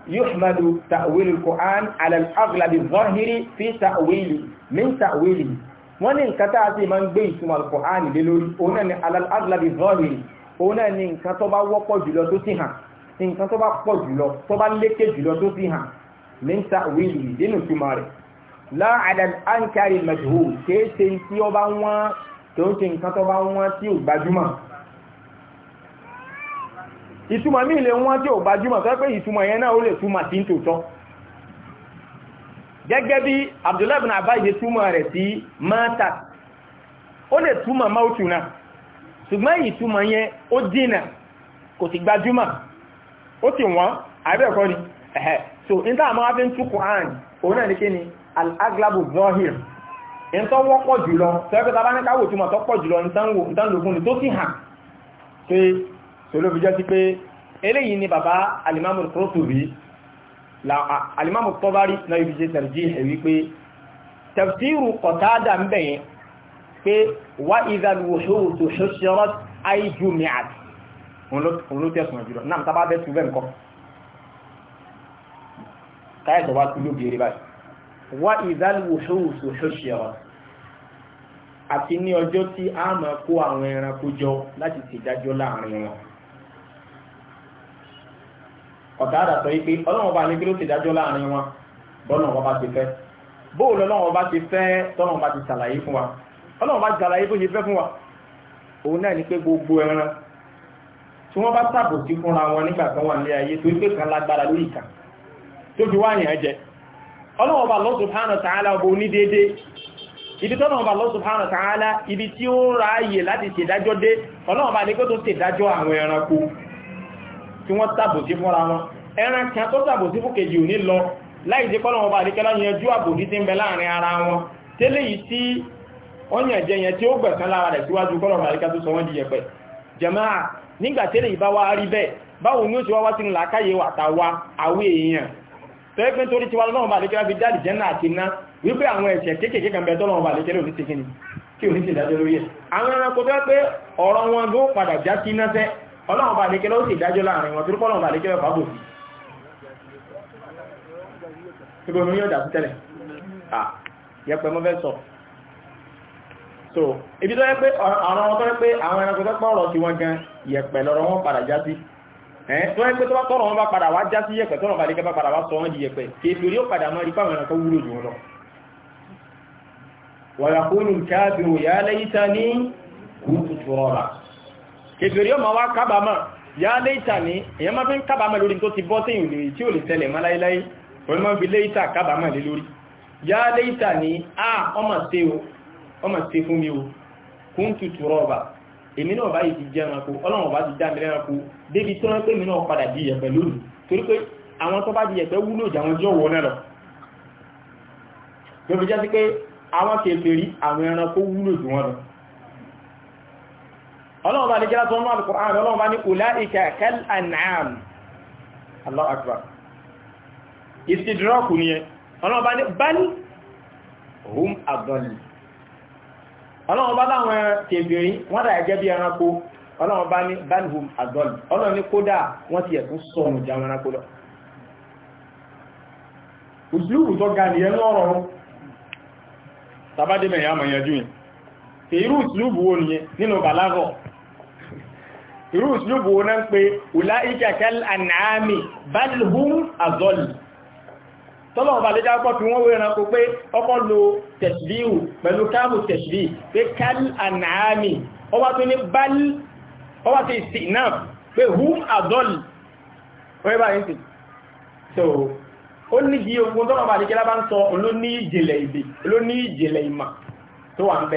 يحمد تأويل القرآن على الأغلب الظاهر في تأويله من تأويله wọ́n ní nǹkan tá a sì máa ń gbé ìtumọ̀ alkùnrin lé lórí òun náà ni alàgbàbí zọ́ọ̀hìrì òun náà ni nǹkan tó bá wọ́pọ̀ jùlọ tó sì hàn nǹkan tó bá pọ̀ jùlọ tó bá lékè jùlọ tó sì hàn ní ń ta wíìlì nínú ìtumọ̀ rẹ̀ láàdà ánkárì mẹ̀tòhù kéèṣe tí ó bá wọ́n tó ń ṣe nǹkan tó bá wọ́n tí ò gbajúmọ̀ ìtumọ̀ mí ilé wọn tí ò gbajúmọ̀ tó pé o yẹn náà ó lè túmọ̀ sí tòótọ́ gẹ́gẹ́ bí Abdullahi bin Abbas ṣe túmọ̀ rẹ̀ sí mọ́ta ó lè túmọ̀ mọ́tù náà ṣùgbọ́n ìtumọ̀ yẹn ó dínà kò sì gbajúmọ̀ ó sì wọ́n so in táàmù wá fi ń túkù àn òun ni al-aglabu zohir in tó wọ́pọ̀ jùlọ tó ló fi jẹ́ sí pé eléyìí ni bàbá alimamu Qurtubi alimamu Tabari náà yóò fi ṣe jí ẹ̀wí pé tafsiru Qatada ń bẹ̀yẹn pé wá ìdàlùwòṣòwòṣò ṣọ́ṣọ́rọ́ àìjùmíàt òun ló tẹ̀sùn jùlọ náà tábà bẹ́ tu bẹ́ẹ̀ nǹkan káyẹ̀tọ̀ wá tu ló gèrè báyìí wá ìdàlùwòṣòwòṣò ṣọ́ṣọ́rọ́ àti ní ọjọ́ tí a máa kó àwọn ẹranko jọ láti ṣèdájọ́ láàrin wọn ọ̀tàdà sọ wípé ọlọ́run ọba àlékí ló ti dájọ́ láàrin wọn bọ́nà ọba ti fẹ́ bóòlù ọlọ́run ọba ti fẹ́ tọ́lọ́run ọba ti ṣàlàyé fún wa ọlọ́run ọba ti ṣàlàyé bó ṣe fẹ́ fún wa òun náà ni pé gbogbo ẹran tí wọ́n bá ṣàbòsí fúnra wọn nígbà tó wà ní ayé tó pé kan lágbára lórí ìka tó fi wá yàn jẹ ọlọ́run ọba Allah subhanahu wa ta'ala ọba onídéédé ibi tọ́lọ́run ọba Allah subhanahu wa ta'ala ibi tí ó ráàyè láti ṣèdájọ́ dé ọlọ́run ọba ní kó tó ṣèdájọ́ àwọn ẹranko tí wọ́n tàbòsí fúnra wọn ẹran kan tó tàbòsí fún kejì òní lọ láì jẹ́ kọ́lọ̀ ọba àdíkẹ́lá yanjú àbòdí tí ń bẹ láàrin ara wọn tẹ́lẹ̀ yìí tí wọ́n yàn jẹ yẹn tí ó gbẹ̀kan lára rẹ̀ síwájú kọ́lọ̀ ọba àdíkẹ́ tó sọ wọ́n di yẹpẹ̀ jàmáà nígbà tẹ́lẹ̀ yìí bá wá rí bẹ́ẹ̀ báwo ni ó ti wá wá sínú làákàyè àtàwa àwọn èèyàn tẹ́ẹ̀pẹ́ torí tí wá lọ́wọ́ bá àdíkẹ́lá fi dáàdì jẹ́ náà ni kí òní ti dájọ́ lórí ẹ̀ àwọn ẹranko tẹ́ pé ọ̀rọ̀ wọn ló padà ọlọ́run bá lékẹ́ lọ́wọ́ sì dájọ́ láàrin wọn torí pọ́lọ́run bá lékẹ́ lọ́wọ́ fàbò sí gbogbo omi yóò dàbí tẹ́lẹ̀ yẹpẹ mọ́ sọ so ibi tó yẹ pé àwọn ọmọ tó yẹ pé àwọn ẹranko tó pọ̀ ọ̀rọ̀ sí wọn gan yẹpẹ lọ́rọ̀ wọn padà já sí tó yẹ pé tó bá tọ̀rọ̀ wọn bá padà wá já sí yẹpẹ tọ̀rọ̀ bá lékẹ́ bá padà wá sọ wọn di yẹpẹ kéfì rí ó padà kèfèrí ọmọ wá kábàámọ̀ yá léìtà ní èyàn máa fi ń kábàámọ̀ lórí tó ti bọ́ sí ìlú tí ò lè tẹ́lẹ̀ mọ́ láíláí wọ́n máa fi léìtà kábàámọ̀ lé lórí yá léìtà ní a ọmọ ṣe fún mi o kún tutù rọ́ọ̀bà èmi náà bá yìí ti jẹ́ ẹranko ọlọ́run bá ti dá mi lẹ́ranko débi tó rán pé mi náà padà di yẹ̀pẹ̀ lónìí torí pé àwọn tó bá di yẹ̀pẹ̀ wúlò jà wọn jọ wọ náà lọ lọ́bi jẹ́ sí pé àwọn kèfèrí àwọn ẹranko wúlò jù wọn lọ ọlọ́run bá ní kíra tó náà Al-Qur'an bá ní ulaika kal an'am Allahu akbar ìsìdírọ́kù ni ẹ ọlọ́run bá ní bal hum adall ọlọ́run bá láwọn tèbìrín wọ́n dà gẹ́gẹ́ bí ẹranko ọlọ́run bá ní bal hum adall ọlọ́run ní kódà wọ́n ti ẹ̀kún irú ìsìlúbù wọn ń pe ùlá ìkẹ̀kẹ́l ànáàmì balhum azọ́lì tọ́lọ̀wọ̀n bá lẹ́jà pọ̀ fi wọ́n wé ẹranko pé ọkọ́ lo tẹ̀sílíù pẹ̀lú káàbù tẹ̀sílí pé kẹ́l ànáàmì ọwá tó ní bal ọwá tó ìsì náà pé hum azọ́lì wọ́n bá yín sí so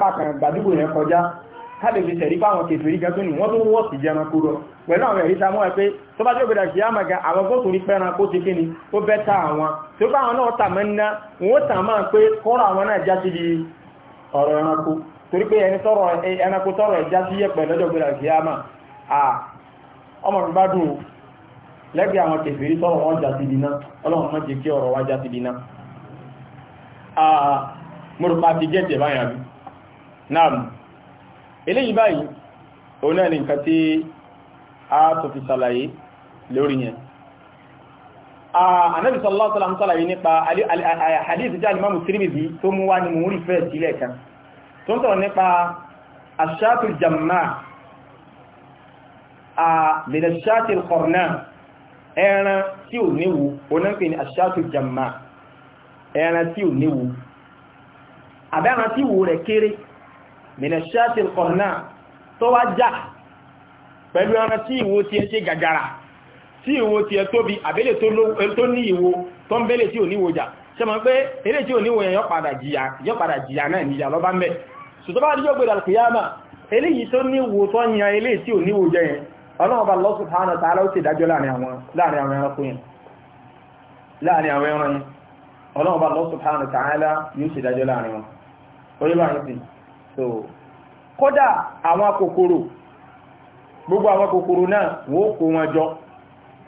kan gbàdúgbò yẹn kọjá káàdì fi tẹ̀rí fáwọn kèfèrí gan tó nù wọ́n tó wọ́ sí jẹranko lọ pẹ̀lú àwọn ẹ̀rí ta mọ́ pé tó bá jẹ́ òbẹ̀dà sí àmàga àwọn gbọ́tò rí pẹ́ranko ti ni ó bẹ́ ta àwọn tí ó báwọn náà tà mẹ́ná wọ́n tà máa pé kọ́rọ̀ àwọn náà já sí di ọ̀rọ̀ ẹranko torí pé ẹni tọrọ ẹranko tọrọ ẹ̀ já sí yẹ̀pẹ̀ lọ́jọ́ òbẹ̀dà eléyìí báyìí òun náà ni nǹkan tí a tó fi ṣàlàyé lórí yẹn ànábì sallallahu alaihi wasallam ṣàlàyé nípa hadith tí alimamu Tirmidhi tó mú wá ní mú rí fẹ́ sílẹ̀ kan tó ń sọ̀rọ̀ nípa aṣáàtù jamma a lèdè ṣáàtù kọ̀rọ̀nà ẹran tí ò níwu onáńpè ní aṣáàtù jamma ẹran tí ò níwu àbẹ́ran tí wò rẹ̀ kéré mìnàṣáàtì kọ̀nà tó wá já pẹ̀lú ẹran tí ìwo ti ẹ ṣe gàgàrà tí ìwo ti ẹ tóbi àbẹ́lẹ̀ tó ní ìwo tó ń bẹ́lẹ̀ tí ò níwo jà ṣe mọ̀ pé eré tí ò níwo yẹn yọ́padà jìyà náà níyà lọ́bá mẹ́ ṣùtọ́ bá díjọ́ gbèrè alkiyama eléyìí tó níwo tó yan eléyìí tí ò níwo jẹ yẹn ọlọ́ọ̀bá Allah subhanahu wa ta'ala ó ti dájọ́ láàrin àwọn ẹranko yẹn láàrin àwọn wọn orí bá ń sìn so kódà àwọn kòkòrò gbogbo àwọn kòkòrò náà wọ́n kó wọn jọ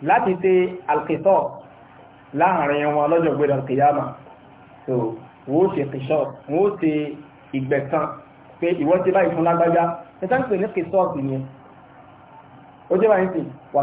láti ṣe alkitọ́ láàrin wọn lọ́jọ́ gbé alkiyama so wọ́n ṣe kìṣọ́ wọ́n ṣe ìgbẹ̀kan pé ìwọ́n ti báyìí fún lágbájá ẹ̀tàn pè ní kìṣọ́ sí ni ó jẹ́ báyìí sí wà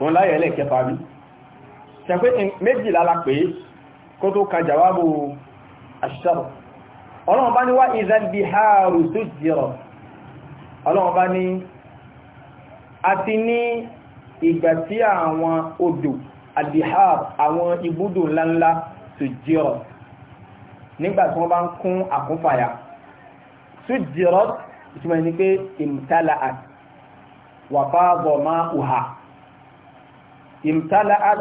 òun láyẹ̀ ẹlẹ́kẹfà bí ṣẹ̀pé méjìlá la pé kó tó ka jàwábò àṣìṣàrọ̀ ọlọ́run bá ní wá ìzẹ́lbí haaru tó jìrọ̀ ọlọ́run bá ní àti ní ìgbà tí àwọn odò àdìhàr àwọn ibùdó ńláńlá tó jìrọ̀ nígbà tí wọ́n bá ń kún àkúnfàyà tó jìrọ̀ ìtumọ̀ ní pé ìmùtálà àti wàfáàbọ̀ máa hùhà imtala'at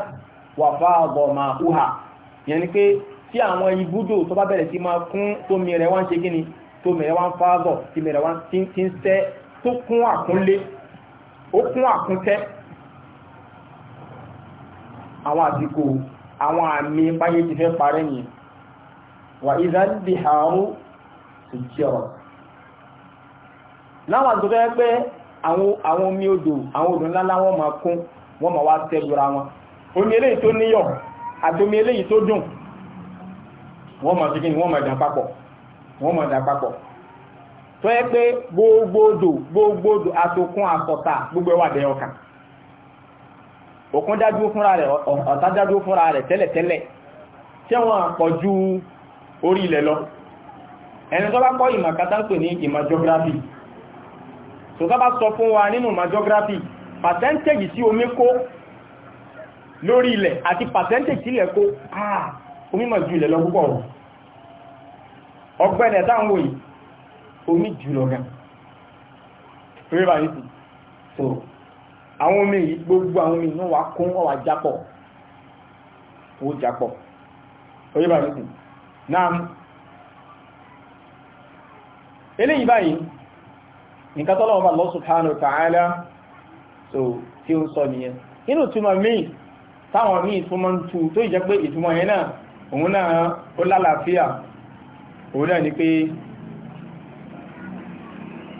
wa fadho ma'uha yani ke ti awon ibudo to ba bere ti ma kun to mi re wan to mi re wan fadho ti mi re wan tin to kun akunle o kun akunte awọn atiko awọn ami paye ti fe pare yin wa idhan biharu tujira lawa do be pe àwọn omi odò àwọn odò ńlá láwọn máa wọ́n máa wá tẹ́lura wọn omi eléyìí tó níyọ̀ àti omi eléyìí tó dùn wọ́n máa fi kí ni wọ́n máa dà papọ̀ wọ́n máa dà papọ̀ tó yẹ pé gbogbo odò gbogbo odò àtòkun àtọ̀tà gbogbo ẹwà dẹ̀ ọkàn òkun dájú fúnra rẹ̀ ọ̀tá dájú fúnra rẹ̀ tẹ́lẹ̀tẹ́lẹ̀ tí wọ́n pọ̀ ju orí ilẹ̀ lọ ẹni tó bá kọ́ ìmọ̀ kátà ń pè ní ìmọ̀ geography tó bá sọ fún wa nínú ìmọ̀ geography pàtẹ́ntẹ̀jì tí omi kó lórí ilẹ̀ àti pàtẹ́ntẹ̀jì tí ilẹ̀ kó àà ah, omi mọ̀ ju ilẹ̀ lọ púpọ̀ rọ̀ ọgbẹ́ni ẹ̀dáwò yìí omi jù lọ gan rírà yìí so àwọn omi yìí gbogbo àwọn omi inú wa kún ọwà jápọ̀ ó jápọ̀ rírà yìí náà eléyìí báyìí nǹkan tọ́lọ́wọ́ bá Allah subhanahu wa so tí ó sọ nìyẹn nínú ìtumọ̀ míì táwọn míì túnmọ̀ ń tu tó ìjẹ́ pé ìtumọ̀ yẹn náà òun náà ó lálàáfíà òun náà ni pé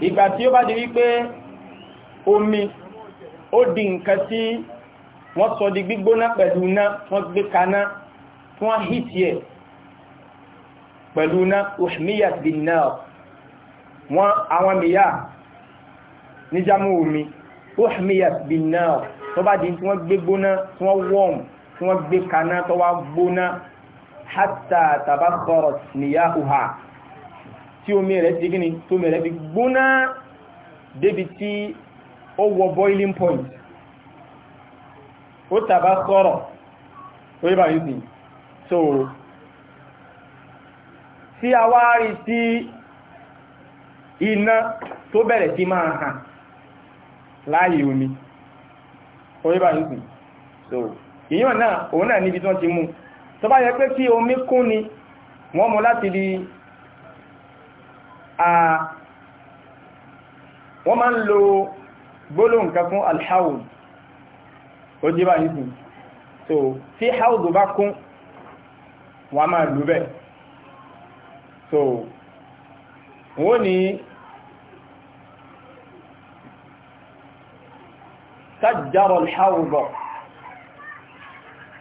ìgbà tí ó bá di wípé omi ó di nǹkan tí wọ́n sọ di gbígbóná pẹ̀lú iná wọ́n gbé kaná tí wọ́n hìtì ẹ̀ pẹ̀lú iná ohmiyat bin náà wọ́n àwọn mìíyà níjàmú omi uhmiyat bin nar tó bá di tí wọ́n gbé gbóná tí wọ́n wọ́m tí wọ́n gbé kaná hatta tabakọrọ niyahuha tí omi rẹ̀ ti gíní tó omi rẹ̀ fi gbóná débi tí ó boiling point O tabakọrọ ó yẹ bá yìí so tí a wá rí sí iná tó bẹ̀rẹ̀ sí láàyè omi oríbà ní sùn so ìyàn náà òun náà níbi tí wọ́n ti mú tó bá yẹ pé tí omi kún ni wọ́n mú láti di a wọ́n máa ń lo gbólóhùn kan fún alhaul oríbà ní sùn so tí haudu bá kún wọ́n máa lú bẹ́ẹ̀ so wọ́n ní sájárọ̀ ṣáwùbọ̀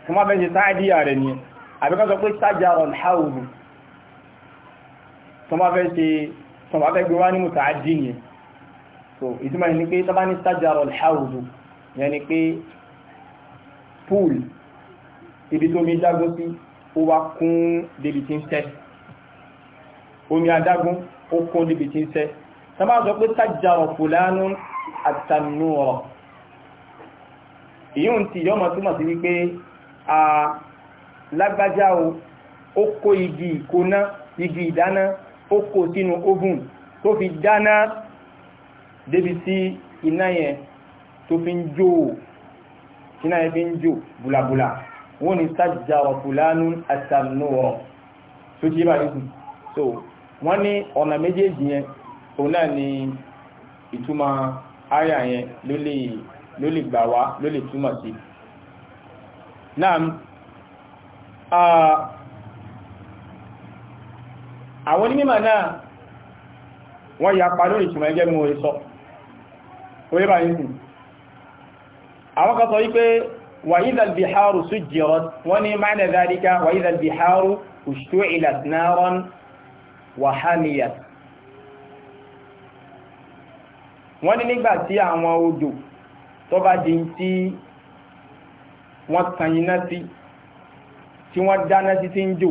kuma bẹ́ ṣe sáàdíyà rẹ̀ ni àbíkọ́ sọ pé sájárọ̀ ṣáwùbù tó máa fẹ́ ṣe tó máa fẹ́ gbé wá ní mùtà ájí ni so ìtumọ̀ ni pé tọ́bá ní sájárọ̀ ṣáwùbù yẹn ni pé pool ibi tó mi dágbó sí ó wá kún débi tí ń sẹ́ omi adágún ó kún débi tí ń sẹ́ tọ́bá sọ pé sájárọ̀ fùlánú àtànúrọ̀ ìyóhun ti yọ́mọ túmọ̀ sí wípé a lágbájá o kó igi ìkóná igi ìdáná ó kó sínú oven tó fi dáná débi tí iná yẹn tó fi ń jó iná yẹn fi ń jó bùlàbùlà wọ́n ni sájàrọ̀ fúlánú àtànúwọ̀ tó ti bá yìí so wọ́n ní ọ̀nà méjèèjì yẹn òun náà ni ìtumọ̀ àyà yẹn ló lè ló lè gbà wá ló lè túmọ̀ sí náà àwọn onímọ̀ náà wọ́n yapa lórí ìtumọ̀ ẹgẹ́ mú orí sọ orí bá ní sùn àwọn kan sọ wípé وإذا البحار سجرت وما معنى ذلك وإذا البحار اشتعلت نارا وحميت wọ́n ní nígbà tí àwọn odò tó bá di tí wọ́n tan iná sí tí wọ́n dáná sí tí ń jò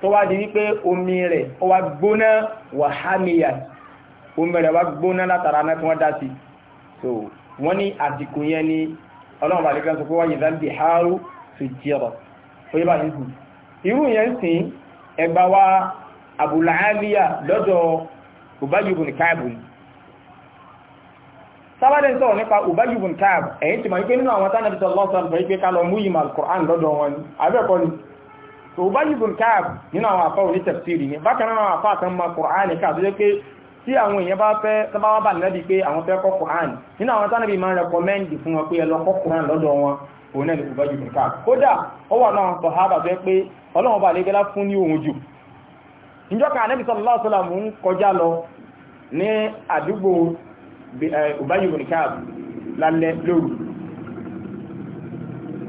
tó wá di wípé omi rẹ̀ ó wá gbóná wàhámiyà omi rẹ̀ wá gbóná látara náà tí wọ́n dá sí so wọ́n ní àsìkò yẹn ni ọlọ́run bá lẹ́gbẹ́ sọ pé wáyé zambi haru fìjìrọ̀ fún ibà yìí irú yẹn sìn ẹgbà wa abùlàálíyà lọ́dọ̀ òbájú bùn káàbùn sábàdẹ̀ sọ̀rọ̀ nípa Ubayy ibn Ka'b ẹ̀yìn tí ma ń pè nínú àwọn tánàbí sọ̀lọ́sọ̀rọ̀ fẹ́ pé ká lọ mú ìmọ̀ al lọ́dọ̀ wọn abẹ́kọ́ ni so Ubayy ibn Ka'b nínú àwọn afọ́ oní tafsiri ni bákan náà àwọn afọ́ àtàn ma Qur'an ká tó jẹ́ pé tí àwọn èèyàn bá fẹ́ sábàwá bá nẹ́bi pé àwọn fẹ́ kọ́ Qur'an nínú àwọn tánàbí máa ń rẹkọmẹ́ndì fún wọn pé ẹ lọ kọ́ Qur'an lọ́dọ̀ wọn ni Ubayy àdúgbò Eh, Ubayy ibn Ka'b lálẹ́ lóru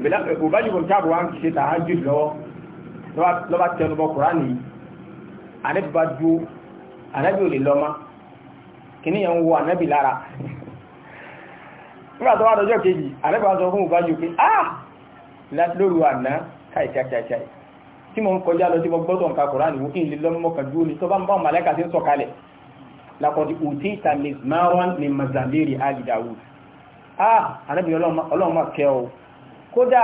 eh, Ubayy ibn Ka'b wa ń ṣe tahajjud lọ́wọ́ lọ́ba tẹnubọ Kùránì anẹ́bíbá dúó anẹ́bí ò lè lọ́mọ́ kìíní yẹn ń wo anẹ́bí lára nígbà tó wá dọjọ́ kejì anẹ́bí wa sọ fún Ubayy pé ah lóru àná káìkíákíákíá tí mo ń kọjá lọ sí mo gbọ́dọ̀ nǹkan Kùránì wò kí n lè lọ́mọ́ kan dúó ni tó bá ń bá ọmọ alẹ́kà sí ń lakọ̀dí òtí tàmìsmáwọn ní mazambiri alidawu ah anábì ọlọ́mọ kẹ́ o kódà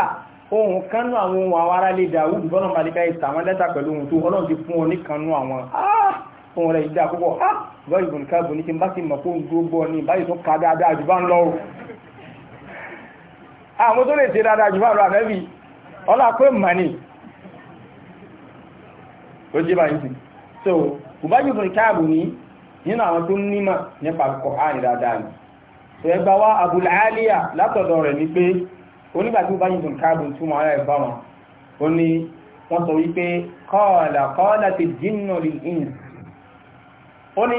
ohun kanú àwọn ohun àwọn ará lè dáwù bọ́nà balika ìtàwọn lẹ́ta pẹ̀lú ohun tó ọlọ́run ti fún ọ ní kanú àwọn ah ohun rẹ̀ ìdá púpọ̀ ah bọ́ ìbùn káàbù ní kí n bá ti mọ̀ fún gbogbo ní báyìí tó ka dáadáa jù bá ń lọ àwọn tó lè ṣe dáadáa jù bá lọ àfẹ́bí ọlá pé mà ní ó jẹ́ báyìí so kùbájú ìbùn káàbù ní nínú àwọn tó nímọ̀ nípa Kùránì dáadáa ni ẹgbà wá abúláàlíà látọ̀dọ̀ rẹ̀ ní pé onígbàtí ó bá yìí káàbùn túnmọ̀ ara ẹ̀bá wọn ó ní wọ́n sọ wípé kọ́ọ̀lá kọ́ọ̀lá ti jìnnà lè in ó ní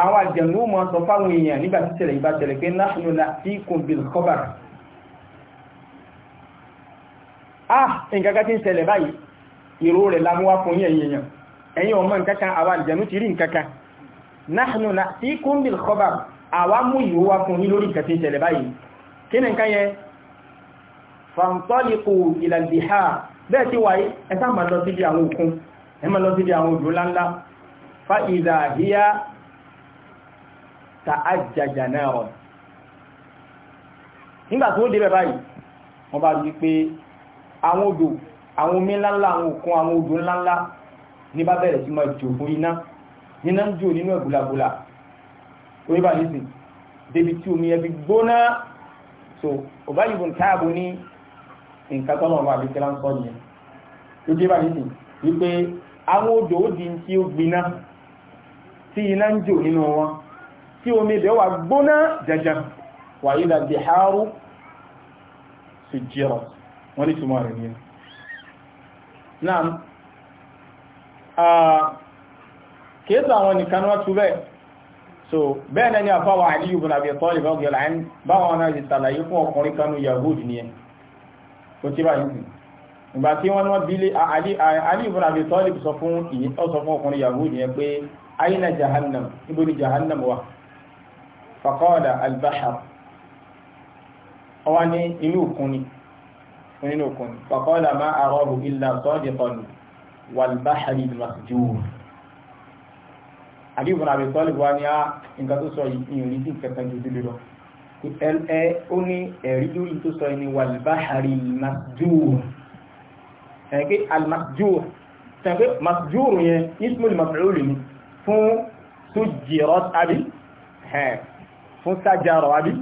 àwọn àjẹ̀mú mọ́ sọ fáwọn èèyàn nígbàtí tẹ̀lẹ̀ ìbá tẹ̀lẹ̀ pé nahnu ah nǹkan kan tí ń ṣẹlẹ̀ báyìí ìró rẹ̀ lámúwá fún yẹ̀yẹ̀yàn ẹ̀yìn ọmọ nǹkan kan ti rí nǹkan nahnu na'tikum bil khabar àwa mú ìwó wá fún yín lórí ìkàtí ìṣẹ̀lẹ̀ báyìí kí ni nǹkan yẹn fantaliqu ila al-bihar bẹ́ẹ̀ tí wáyé ẹ sá máa lọ síbi àwọn òkun ẹ máa lọ síbi àwọn odò ńláńlá fa idha hiya ta'ajjaja nara nígbà ní bá bẹ̀rẹ̀ sí máa jò fún iná iná ń jò nínú ẹ̀bùlàbùlà orí bá nísìn débi tí omi ẹbí gbóná so ọba yìí bùn káàbù ní nǹkan tọ́lọ̀ ọba àbí kẹlá ń sọ nìyẹn tó dé bá nísìn wípé àwọn odò ó di tí ó gbiná tí iná ń jò nínú wọn tí omi ibẹ̀ wà gbóná jẹjẹrẹ wàyí dàbí haaru sùjírọ̀ wọ́n ní túmọ̀ rẹ̀ nìyẹn náà kéèsù àwọn nìkan wọ́n tú bẹ́ẹ̀ so bẹ́ẹ̀ náà ni àfáwà Ali ibn Abi Talib radiyallahu anhu báwọn náà ti sàlàyé fún ọkùnrin kanú Yahudi ni ẹ kò tí báyìí sí ìgbà tí wọ́n wọ́n bílé Ali ibn Abi Talib sọ fún ọkùnrin Yahudi yẹn pé ayna jahannam níbo ni jahannam wà faqala al-bahr ọwá ní inú òkun ni onínú òkun faqala ma arahu illa sadiqan wal bahri al-masjur àdìbòn àbí tọ́lìbù wa ní á ah, nǹkan tó sọ ìrìn sí kẹtàn jù dúdú lọ ẹ ó ní ẹ̀rí lórí tó sọ ní wàlbáhàrí masjúr ẹ̀ pé almasjúr tẹ̀ pé masjúr yẹn ismul maf'ul ni fún sujjirat àbí fún sájàrọ̀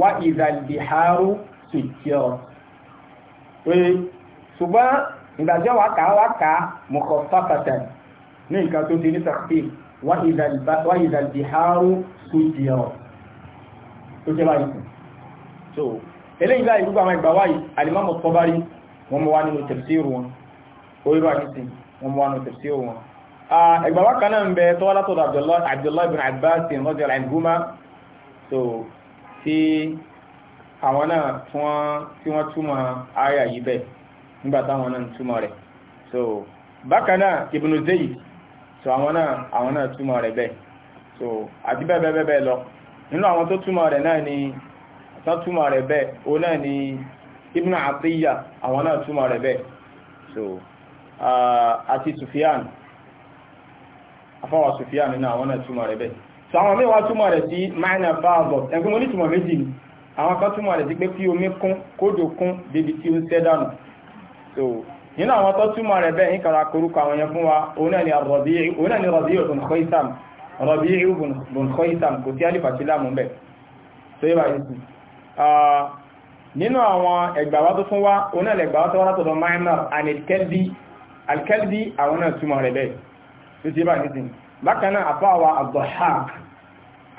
wà ìzàlbìhárú sujjirat ṣùgbọ́n ìgbàjọ́ wa kà wá kà mọ̀kọ̀ fàfàtà ní nǹkan tó ti ní sàkpé wá ìdàlbì haru sùjìrọ̀ tó jẹ́ báyìí kù. so eléyìí láì gbogbo àwọn ìgbà wáyìí alimami Tabari wọn mọ wá nínú tafsiru wọn orí àdìsí wọn mọ wá nínú tafsiru wọn. ìgbà wá kan náà ń bẹ tọ́wọ́ látọ̀dọ̀ Abdullahi bin Abbas radiyallahu anhuma àwọn náà tí wọ́n túmọ̀ àyà yìí bẹ́ẹ̀ nígbà táwọn náà túmọ̀ rẹ̀ so bákan náà ibùnú so àwọn náà àwọn náà rẹ̀ bẹ́ẹ̀ so àti bẹ́ẹ̀ bẹ́ẹ̀ bẹ́ẹ̀ lọ nínú àwọn tó túmọ̀ rẹ̀ náà ni tán túmọ̀ rẹ̀ bẹ́ẹ̀ o náà ni ibùnú àtìyà àwọn náà túmọ̀ rẹ̀ bẹ́ẹ̀ so àti sufiyan afọwà sufiyan nínú àwọn náà túmọ̀ rẹ̀ bẹ́ẹ̀ so àwọn mẹ́wàá túmọ̀ rẹ̀ sí máìnà fáàbọ̀ ẹgbẹ́ mo ní túmọ̀ méjì ni àwọn kan túmọ̀ rẹ̀ sí pé kí omi kún kódò kún débi tí ó ń sẹ́dánù so nínú àwọn tó túmọ̀ rẹ̀ bẹ́ẹ̀ nǹkan akorúkọ àwọn yẹn fún wa òun náà ni Rabi'u ibn Khaysam Rabi'u ibn Khaysam kò sí alifasilamu bẹ́ẹ̀ tó yẹ báyìí sí nínú àwọn ẹgbàwá tó fún wa òun náà lẹgbàwá tó wá látọ̀dọ̀ Ma'mar anilkelbi alkelbi àwọn náà túmọ̀ rẹ̀ bẹ́ẹ̀ tó yẹ báyìí sí bákan náà àfáwà Ad-Dahhak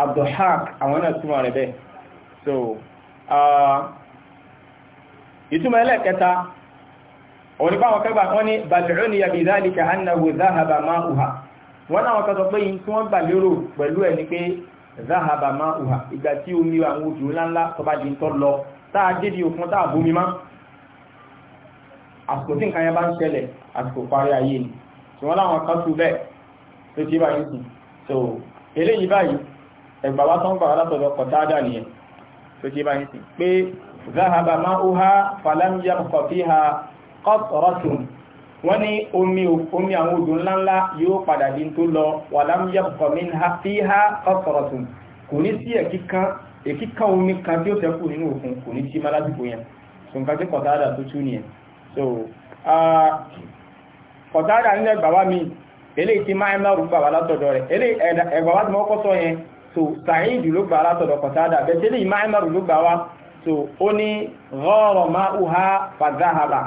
Ad-Dahhak àwọn ìtumọ̀ ẹlẹ́kẹta òní báwọn kẹgbà wọ́n ní bàtìrìnì yàbí ìdáàlìkà annahu záhàbà máa uha wọ́n náà wọ́n kẹsọ pé yìí tí wọ́n gbà lérò pẹ̀lú ẹ̀ ní pé záhàbà máa uha ìgbà tí omi àwọn odò ńláńlá tó bá di tọ́ lọ táà débi òkun táà bómi má àsìkò tí nǹkan yẹn bá ń ṣẹlẹ̀ àsìkò parí ayé ni tí wọ́n láwọn kan tú bẹ́ẹ̀ tó ti bá yìí so eléyìí báyìí ẹgbà wá tó gbà látọ̀dọ̀ kọ̀tádà nìyẹn tó ti bá qatratun wọ́n ní omi omi àwọn odò ńláńlá yóò padà di tó lọ wa lam yabqa minha fiha qatratun kò ní sí èkíkan omi kan tí ó tẹ́kù nínú òkun kò ní sí malásìkò yẹn so nǹkan tí kọ̀tàdà tó tú nìyẹn so kọ̀tàdà nílẹ̀ bàbá mi eléyìí tí máa ń lọ́rù gbàwà látọ̀dọ̀ rẹ̀ eléyìí ẹ̀gbàwà tí wọ́n kọ́ sọ yẹn so sàáìdì ló gbà látọ̀dọ̀ kọ̀tàdà bẹ́ẹ̀ tẹ́lẹ̀ máa ń lọ́rù ló gbà wá so ó ní rọ́ọ̀rọ̀ máa ń ha fàdáhàbà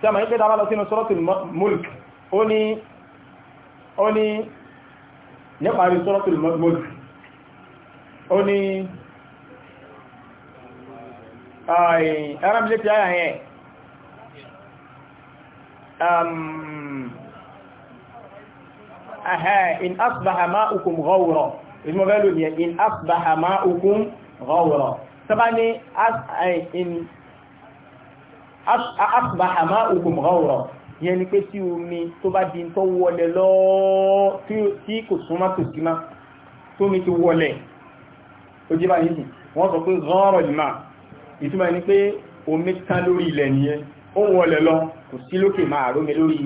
tí a máa ń pẹ́ dábàá lọ sínú suratul mulk ó ní ó ní nípa rí suratul mulk ó ní ẹran bilé ti ayà yẹn in asbaha ma'ukum ghawra ìsmọ̀ fẹ́ lónìí in asbaha ma'ukum ghawra asbaha ma'ukum ghawra yẹn ni pé tí omi tó bá di tó wọlé lọ tí kò súnmọ́ tó sí má tó mi ti wọlé ó jẹ́ báyìí nì wọ́n sọ pé ghawra lè máa ìtumọ̀ ni pé omi tán lórí ilẹ̀ nìyẹn ó wọlé lọ kò sí lókè máa rómi lórí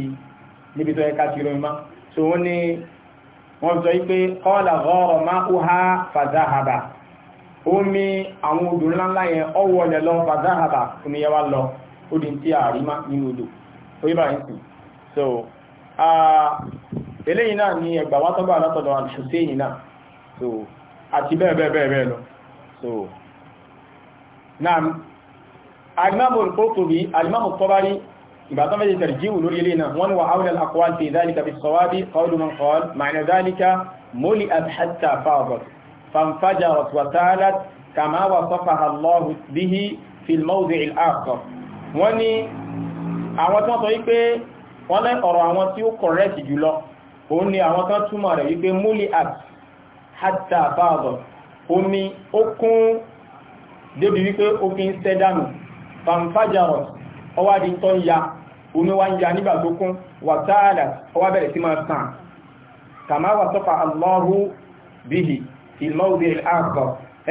níbi tó yẹ ká ti rómi má so wọ́n ní wọ́n sọ wípé kọ́ọ̀lá ghawra ma'uha fadhahaba omi àwọn odò ńláńlá yẹn ọwọ́ ọ̀lẹ̀ lọ fàdáhàbà omi yẹn wá lọ ó di tí àrímá nínú odò orí bá ń sìn so eléyìí náà ni ẹgbà wá tọ́gbà látọ̀dọ̀ àṣùsẹ́yìn náà so àti bẹ́ẹ̀ bẹ́ẹ̀ bẹ́ẹ̀ bẹ́ẹ̀ lọ so náà alimamu Qurtubi alimamu Tabari ìgbà tó méjì tẹ̀rìjíwù lórí ilé náà wọ́n wà áwùlẹ̀ àkọwà ti ìdáríkà bí sọ́wábí qawlu man qala ma'na dhalika mólì àtàtà fáwọ̀t fanfajarat wa talat kama wasafaha Allahu bihi fil mawdi'il akhar wọ́n ní àwọn tí wọ́n sọ wípé wọ́n lẹ́ ọ̀rọ̀ àwọn tí ó correct jùlọ òun ni àwọn kan túmọ̀ rẹ̀ wípé múlì at hatta báàbọ̀ omi ó kún débi wípé ó fi ń sẹ́ dànù fanfajarọ̀ ọwádìí tó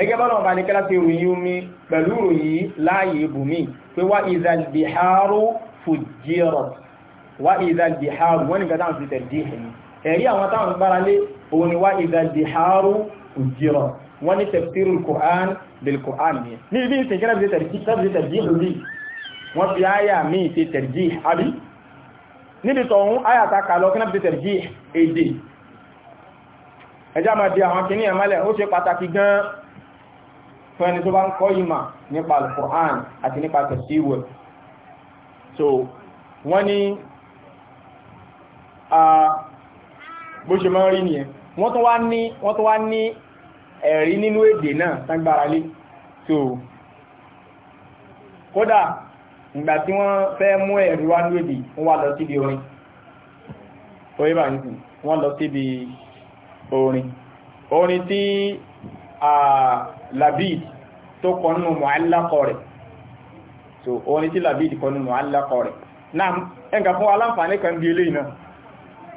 ẹgẹ́ bọ́nà ọba ní kẹ́láti ròyìn omi pẹ̀lú ròyìn láàyè ibùmí pé wá ìzàlbìhárò fòjìrọ̀ wá ìzàlbìhárò wọ́n ni kẹta ti tẹ̀dí ẹ̀yìn ẹ̀rí àwọn táwọn gbára lé òun ni wá ìzàlbìhárò fòjìrọ̀ wọ́n ni tafsirul ẹjá máa di àwọn kìíní ẹ̀mọ́lẹ̀ ó ṣe pàtàkì gan-an fún ẹni tó bá ń kọ́ ìmà nípa alukur'an àti nípa tẹ̀síwẹ̀ so wọ́n ní bó ṣe máa ń rí nìyẹn wọ́n tó wá wọ́n tó wá ní ẹ̀rí nínú èdè náà tágbára lé so kódà ìgbà tí wọ́n fẹ́ mú ẹ̀rí wá ní èdè wọ́n wá lọ síbi orin orí bá nìsìn wọ́n lọ síbi orin orin tí Labid tó kọ nínú mu'allaqọ rẹ̀ so orin tí labidi kọ nínú mu'allaqọ rẹ̀ náà ẹnkà fún aláǹfààní kan bí eléyìí náà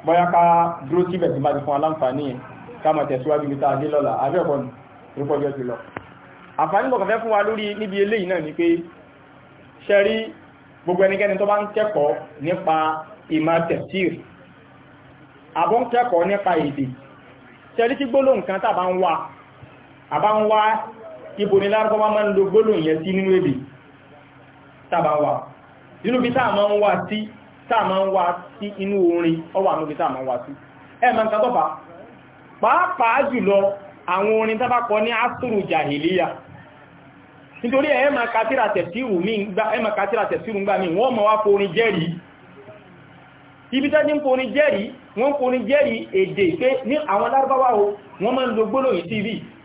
bóyá ká dúró síbẹ̀ tí bá ti fún aláǹfààní yẹn ká máa tẹ̀síwájú bí tá a dé lọ́la abẹ́ ọ̀pọ̀ nù rúkọjọ́ ti lọ àǹfààní kọ̀ọ̀kan fẹ́ fún wa lórí níbi eléyìí náà ni pé ṣẹ́rí gbogbo ẹnikẹ́ni tó bá ń kẹ́kọ̀ọ́ nípa ìmọ̀ tẹ̀síìr àbọ̀ ń kẹ́kọ̀ọ́ nípa èdè ṣẹ́rí tí gbólóhùn kan tàbá ń wá àbá ń wá ibo ni lárúbáwá máa ń lo gbólóhùn yẹn sí nínú èdè tàbá wa nínú bí táà máa ń wá sí inú orin ọwà níbi táà máa ń wá sí ẹ máa ń ka pàápàá jùlọ àwọn orin tábà kọ ní asùrù jàhìlíyà nítorí ẹ máa ka mi wọ́n máa ibi tẹ́jú ń forin jẹ́rìí wọ́n èdè pé ní àwọn lárúbáwá o wọ́n ń lo tv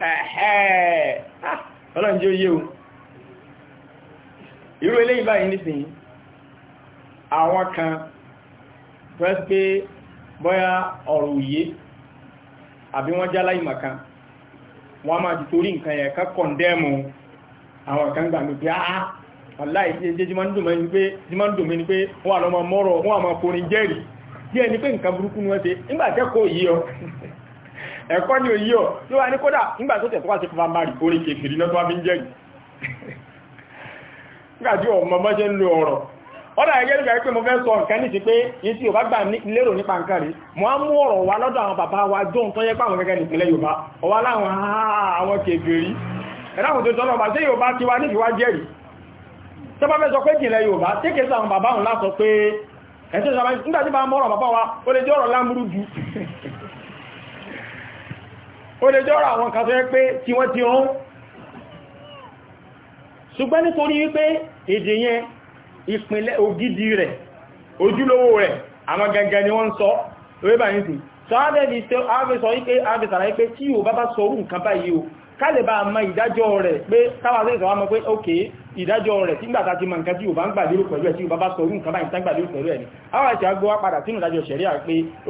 ẹ̀ẹ́ ọlọ́run jẹ́ oyé o irú eléyìí báyìí àwọn kan fẹ́ pé bọ́yá ọ̀rọ̀ òye àbí wọ́n já láì màkan wọ́n máa ti torí nǹkan yẹn ká kọ̀ndẹ́mù àwọn kan gbà mí pé áá aláì tí ẹjẹ́ jí máa ń dùn mí ni pé wọ́n àlọ́mọ mọ́rọ̀ wọ́n àmọ́ kò ní díẹ̀ ni pé nǹkan burúkú ni wọ́n ẹ̀kọ́ ni òyí ọ̀ tí wà ní kódà nígbà tó tẹ̀ tó wà sí pàmàrí orí kèkèrè náà tó wà fi ń jẹ́rì nígbà tí ọmọ mọ́ ṣe ń lo ọ̀rọ̀ ọ̀dà ẹgẹ́ nígbà pé mo fẹ́ sọ nǹkan ní ti pé ní tí òbá gbà lérò nípa nǹkan rí mo á mú ọ̀rọ̀ wa lọ́dọ̀ àwọn bàbá wa jó nǹkan yẹ pàwọn gẹ́gẹ́ nípínlẹ̀ Yorùbá ọwá láwọn àwọn kèkèrè ẹ̀dáhùn tó tọ́lọ́ bá ṣé Yorùbá ti wá nífi wá jẹ́rì tó bá fẹ́ sọ pé jìnlẹ̀ Yorùbá tí kèé sọ àwọn bàbá òun láṣọ pé ẹ̀sẹ̀ sọ nígbà tí bá mọ́rọ̀ bàbá wa ó lè jẹ́ ọ̀rọ̀ lámúrú ju ó lè jọ́rọ àwọn kan tó yẹ pé tí wọ́n ti rún ṣùgbọ́n nítorí wípé èdè yẹn ìpínlẹ̀ ògidì rẹ̀ ojúlówó rẹ̀ àwọn gangan ni wọ́n ń sọ wébà ní sí so ábẹ́sọ wípé ábẹ́sàrà wípé tí ò bá bá sọ orú nǹkan báyìí o kálẹ̀ bá mọ ìdájọ́ rẹ̀ pé táwàtí ìsọ̀wà mọ́ pé ókè ìdájọ́ rẹ̀ tí gbàtà ti mọ̀ nǹkan tí ò bá ń gbà lérò pẹ̀lú ẹ̀ tí ò bá bá sọ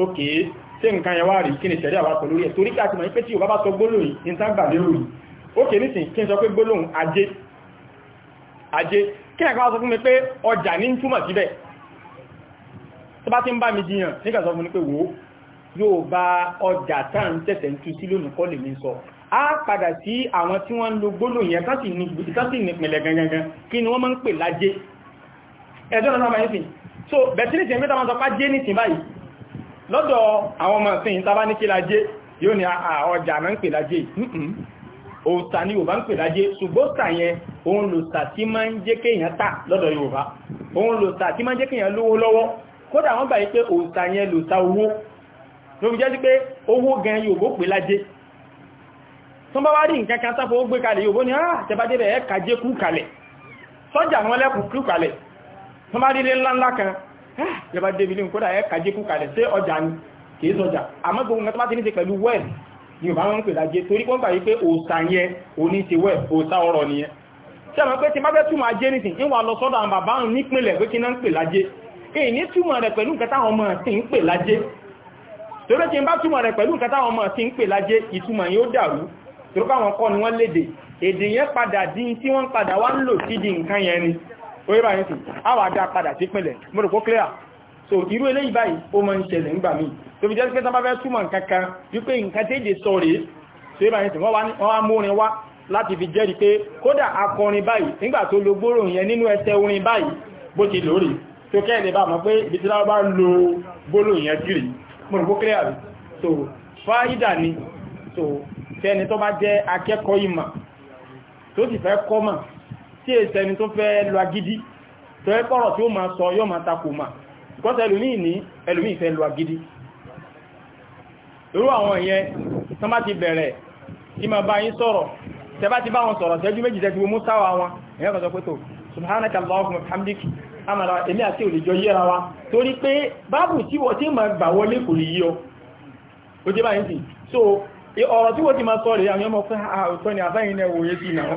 orú tí nǹkan yẹn wá rí kí ni ṣẹ̀rí àwà pẹ̀lú rí ẹ̀ torí káàkiri mọ̀ pé tí Yorùbá bá sọ gbólóhùn ní sáàgbà lérò yìí ó kè nísìn kí n sọ pé gbólóhùn ajé ajé kí nǹkan wá sọ fún mi pé ọjà ní túmọ̀ síbẹ̀ tó bá ti ń bá mi jiyàn nígbà sọ fún mi pé wò ó Yorùbá ọjà tá ń tẹ̀sẹ̀ ń tu sí lónìí kọ́ lè mi sọ á padà sí àwọn tí wọ́n ń lo gbólóhùn yẹn kásì ní ìpìnlẹ̀ gangan ni wọ́n lọ́dọ̀ àwọn ọmọ ìsìn tàbá ní kí lajé yóò ní ah, ah, ọjà máa ń pè lajé òòsà ni Yorùbá ń pè lajé ṣùgbọ́n òòsà yẹn òun lòòsà tí máa ń jẹ́ kéèyàn tà lọ́dọ̀ Yorùbá òun lòòsà tí máa ń jẹ́ kéèyàn lówó lọ́wọ́ kódà wọ́n gbà yí pé òòsà yẹn lòòsà owó lórí jẹ́ owó yọba ah, débi ní kódà ẹ kàjékù kalẹ̀ ṣé ọjà ni kìí sọjà àmọ́ gbogbo nǹkan tó bá ti ní ṣe pẹ̀lú wẹ́ẹ̀ ni ò bá wọn ń pè lájé torí pọ́n gbà yí pé òòsà yẹn òní ti wẹ́ẹ̀ òòsà ọ̀rọ̀ nìyẹn ṣé àmọ́ pé ti máa fẹ́ túmọ̀ ajé nìsín ìwà lọ sọ́dọ̀ àwọn bàbá ń nípìnlẹ̀ pé kí náà ń pè lájé ní ti ń pè lájé torí tí ń bá túmọ̀ orí báyìí sí àwà dá padà sí pínlẹ̀ mọ́rùkú clear so irú eléyìí báyìí ó máa ń ṣẹlẹ̀ nígbà míì tó fi jẹ́ pé tán bá fẹ́ túmọ̀ nǹkankan wípé nǹkan téje sọ rèé so orí báyìí sí wọ́n wá mú orin wá láti fi jẹ́rìí pé kódà akọrin báyìí nígbà tó lo gbóró yẹn nínú ẹsẹ̀ orin báyìí bó ti lórí tó kẹ́ lè bá mọ̀ pé ibi tí wọ́n bá lo gbóró yẹn kiri mọ́rùkú clear so fáyídà ni so fẹ́ni tó bá jẹ́ akẹ́kọ̀ọ́ ìmọ̀ tó sì fẹ́ kọ́ mọ̀ tí èsì ẹni tó fẹ́ lọ agídí tó ẹ́ pọ̀rọ̀ tí ó máa sọ yóò máa takò mà because ẹlòmíì ní ẹlòmíì fẹ́ lọ agídí irú àwọn ìyẹn tó má ti bẹ̀rẹ̀ tí ma bá yín sọ̀rọ̀ tẹ bá ti bá wọn sọ̀rọ̀ tẹ́jú méjì tẹ́jú mú sáwà wọn èyàn kan sọ pé tó subhanaka allahumma wa hamdika amara èmi àti òlìjọ yíra wa torí pé báàbù tí wọ́n tí ma gbà wọlé kò lè yíọ ó jẹ́ báyìí sí so ọ̀rọ̀ tí wọ́n ti ma sọ rẹ̀ àwọn ọmọ fún àtọ́ ni àbáyìn ẹwòye sí náà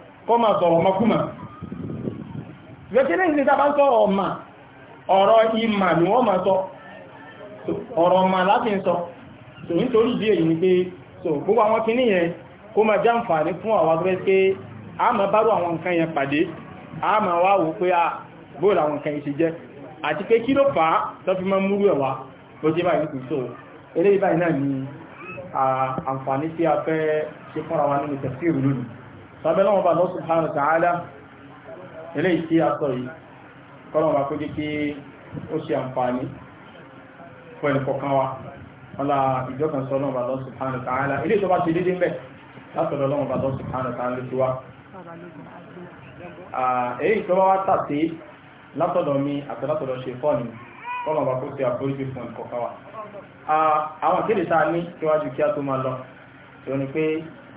kọ́ máa makuma ọmọkúmà gẹ́gẹ́lẹ́ ìsìn tàbá sọ̀rọ̀ ọ̀rọ̀ ìmà ni wọ́n máa sọ ọ̀rọ̀ ọmọ láti ń sọ so nítorí èyí ni so gbogbo àwọn kìíní yẹn kó já fún àwọn agbẹ́ pé a máa bárò àwọn nǹkan yẹn pàdé a máa wá wò pé a ah, bóòlù fà á tó fi máa múrú ló jẹ́ báyìí kù so eléyìí báyìí náà ni ah, àǹfààní ṣe wa nínú sábẹ́lọ́wọ́n bá lọ́sùn hàn tààdá ilé ìtí àtọ̀ yìí kọ́lọ̀wọ́n bá kó jẹ́ kí ó ṣe àǹfààní fún ẹnìkọ̀kan wa ọlá ìjọkan sọ lọ́wọ́n bá lọ́sùn hàn tààdá ilé ìtọ́ bá ti dédé mbẹ̀ látọ̀dọ̀ lọ́wọ́n bá lọ́sùn hàn tààdá ló ti wá èyí tó bá wá tàtí látọ̀dọ̀ mi àti látọ̀dọ̀ ṣe fọ́ ni kọ́lọ̀wọ́n bá kó ṣe àforíjì fún ẹnìkọ̀kan wa àwọn akéde tá a ní síwájú kí a tó máa lọ tí ó ní pé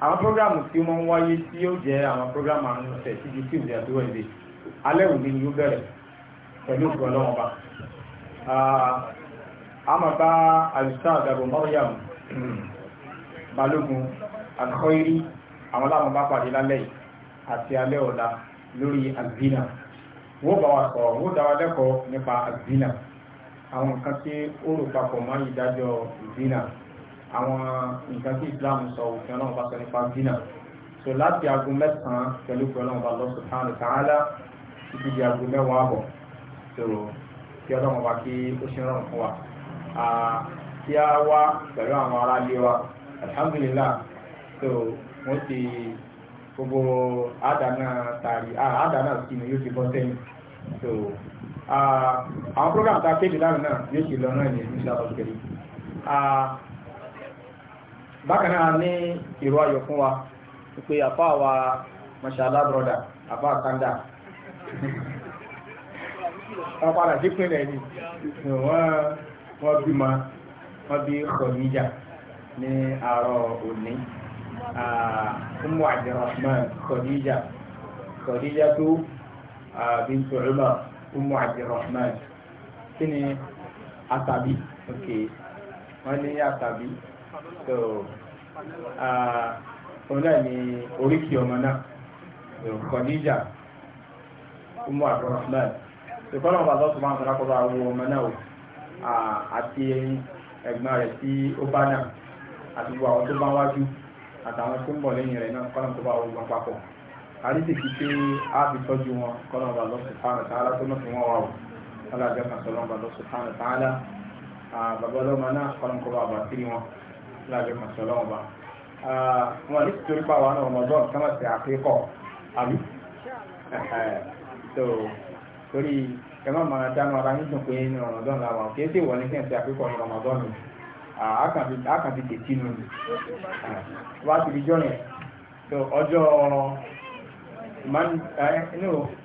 àwọn programu tí wọ́n ń wáyé tí yóò jẹ́ àwọn programu àwọn ọ̀sẹ̀ tí ju tí ìdí àti wọ́n ìdè alẹ́ òní ni ó bẹ̀rẹ̀ pẹ̀lú ìgbọ̀ lọ́wọ́ bá a máa bá àlùsá àdàbò mọ́ríyàm balógun àkọ́irí àwọn láwọn bá pàdé lálẹ́ yìí àti alẹ́ ọ̀la lórí àgbínà wọ́n bá wa sọ̀rọ̀ wọ́n dá wa lẹ́kọ̀ọ́ nípa àgbínà àwọn nǹkan tí ó rò papọ̀ mọ́ ìdájọ́ ìgbínà àwọn nǹkan tí Islam sọ òfin ọlọ́run bá sọ nípa zina so láti aago mẹ́sàn-án pẹ̀lú pẹ̀lú ọlọ́run bá lọ subhanahu wa ta'ala títí di aago mẹ́wàá àbọ̀ so kí ọlọ́run bá kí ó ṣe rọrùn fún wa kí a wá pẹ̀lú àwọn ará ilé wa alhamdulillah so wọ́n ti gbogbo àdánà tàrí àdánà sínú yóò ti bọ́ sẹ́yìn so àwọn program tá a kéde lánàá náà yóò ṣe lọ náà ní ìṣàkóso kẹrin bákan náà ní ìró ayọ̀ fún wa pé àfá wa mọ̀ṣálá brọ́dà àfá kanda wọ́n padà sí pínlẹ̀ ní wọ́n bí ma wọ́n bí kọ̀níjà ní àárọ̀ òní ọmọ Abdurrahman kọ̀níjà kọ̀níjà tó bintu Umar ọmọ Abdurrahman kí ni àtàbí ok wọ́n ní àtàbí so òun náà ni oríkì ọmọ náà kọ̀díjà umu abdulrahman ìkọ́nà ọba lọ́sùn máa ń sọ lápọ̀ àwọn ọmọ náà àti ẹ̀gbọ́n rẹ̀ tí ó bá náà àti gbogbo àwọn tó bá wájú àtàwọn tó ń bọ̀ lẹ́yìn rẹ̀ náà kọ́nà tó bá wọ́n wọn papọ̀ àríṣèkí pé a fi tọ́jú wọn kọ́nà ọba lọ́sùn fáwọn tààlà tó náà fi wọ́n wà ó alájọ́ kan sọ́nà ọba lọ́sùn fáwọn tààlà bàbá ọlọ́mọ náà kọ́nà kọ́ bá bàtírí wọn lábẹ́ mọ̀sọ̀lọ́ ọba wọn ní torí pa àwọn ọmọdún kí wọ́n ti àkíkọ̀ àbí so torí ẹ má máa dáná ara yín dùn pé ní ọmọdún làwọn kì í wọlé kí n ní ọmọdún mi nù mí wá so ọjọ́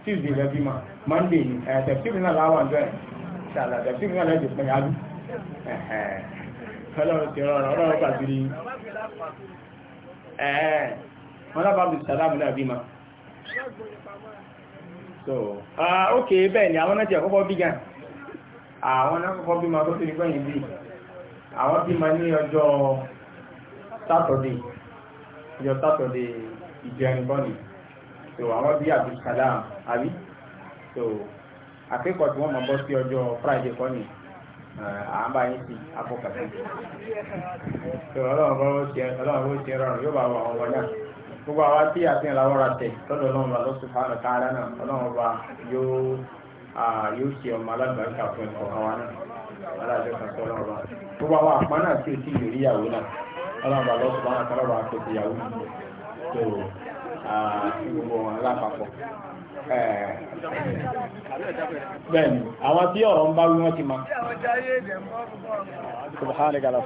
tuesday rẹ bímọ monday ni láwọn ọjọ́ ọlọ́run ti rọrọ̀ ọlọ́run pàtí rí ẹ̀ẹ́ wọn lábàá bí sàlámù náà bí ma so ok bẹ́ẹ̀ ni àwọn náà ti àkọ́kọ́ bí gan àwọn náà kọ́kọ́ bí ma tó ti rí pẹ́yìn bí àwọn bí ma ní ọjọ́ sátọ̀dé ọjọ́ sátọ̀dé ìjẹun bọ́ọ̀lì so àwọn bí àbí sàlámù àbí so akẹ́kọ̀ọ́ tí wọ́n máa bọ́ sí ọjọ́ friday kọ́ni àmbá yín sí afọ́kàtà ọlọ́run bó ṣe rọrùn yóò bá wà ọwọ́ náà gbogbo àwa tí a ti ń lawọ́ra tẹ̀ lọ́dọ̀ ọlọ́run bá lọ́sùn fáwọn ọ̀tá ara náà ọlọ́run bá yóò ṣe ọmọ alágbàáríkà fún ẹ̀kọ́ àwa náà aláàjọ kan sọ ọlọ́run bá gbogbo àwọn àpá náà tí o ti lè rí ìyàwó náà ọlọ́run bá lọ́sùn fáwọn ọ̀tá ọlọ́run bá tó Eh. bẹ́ẹ̀ni àwọn tí ọ̀rọ̀ ń bá wí wọ́n ti ma subhanaka la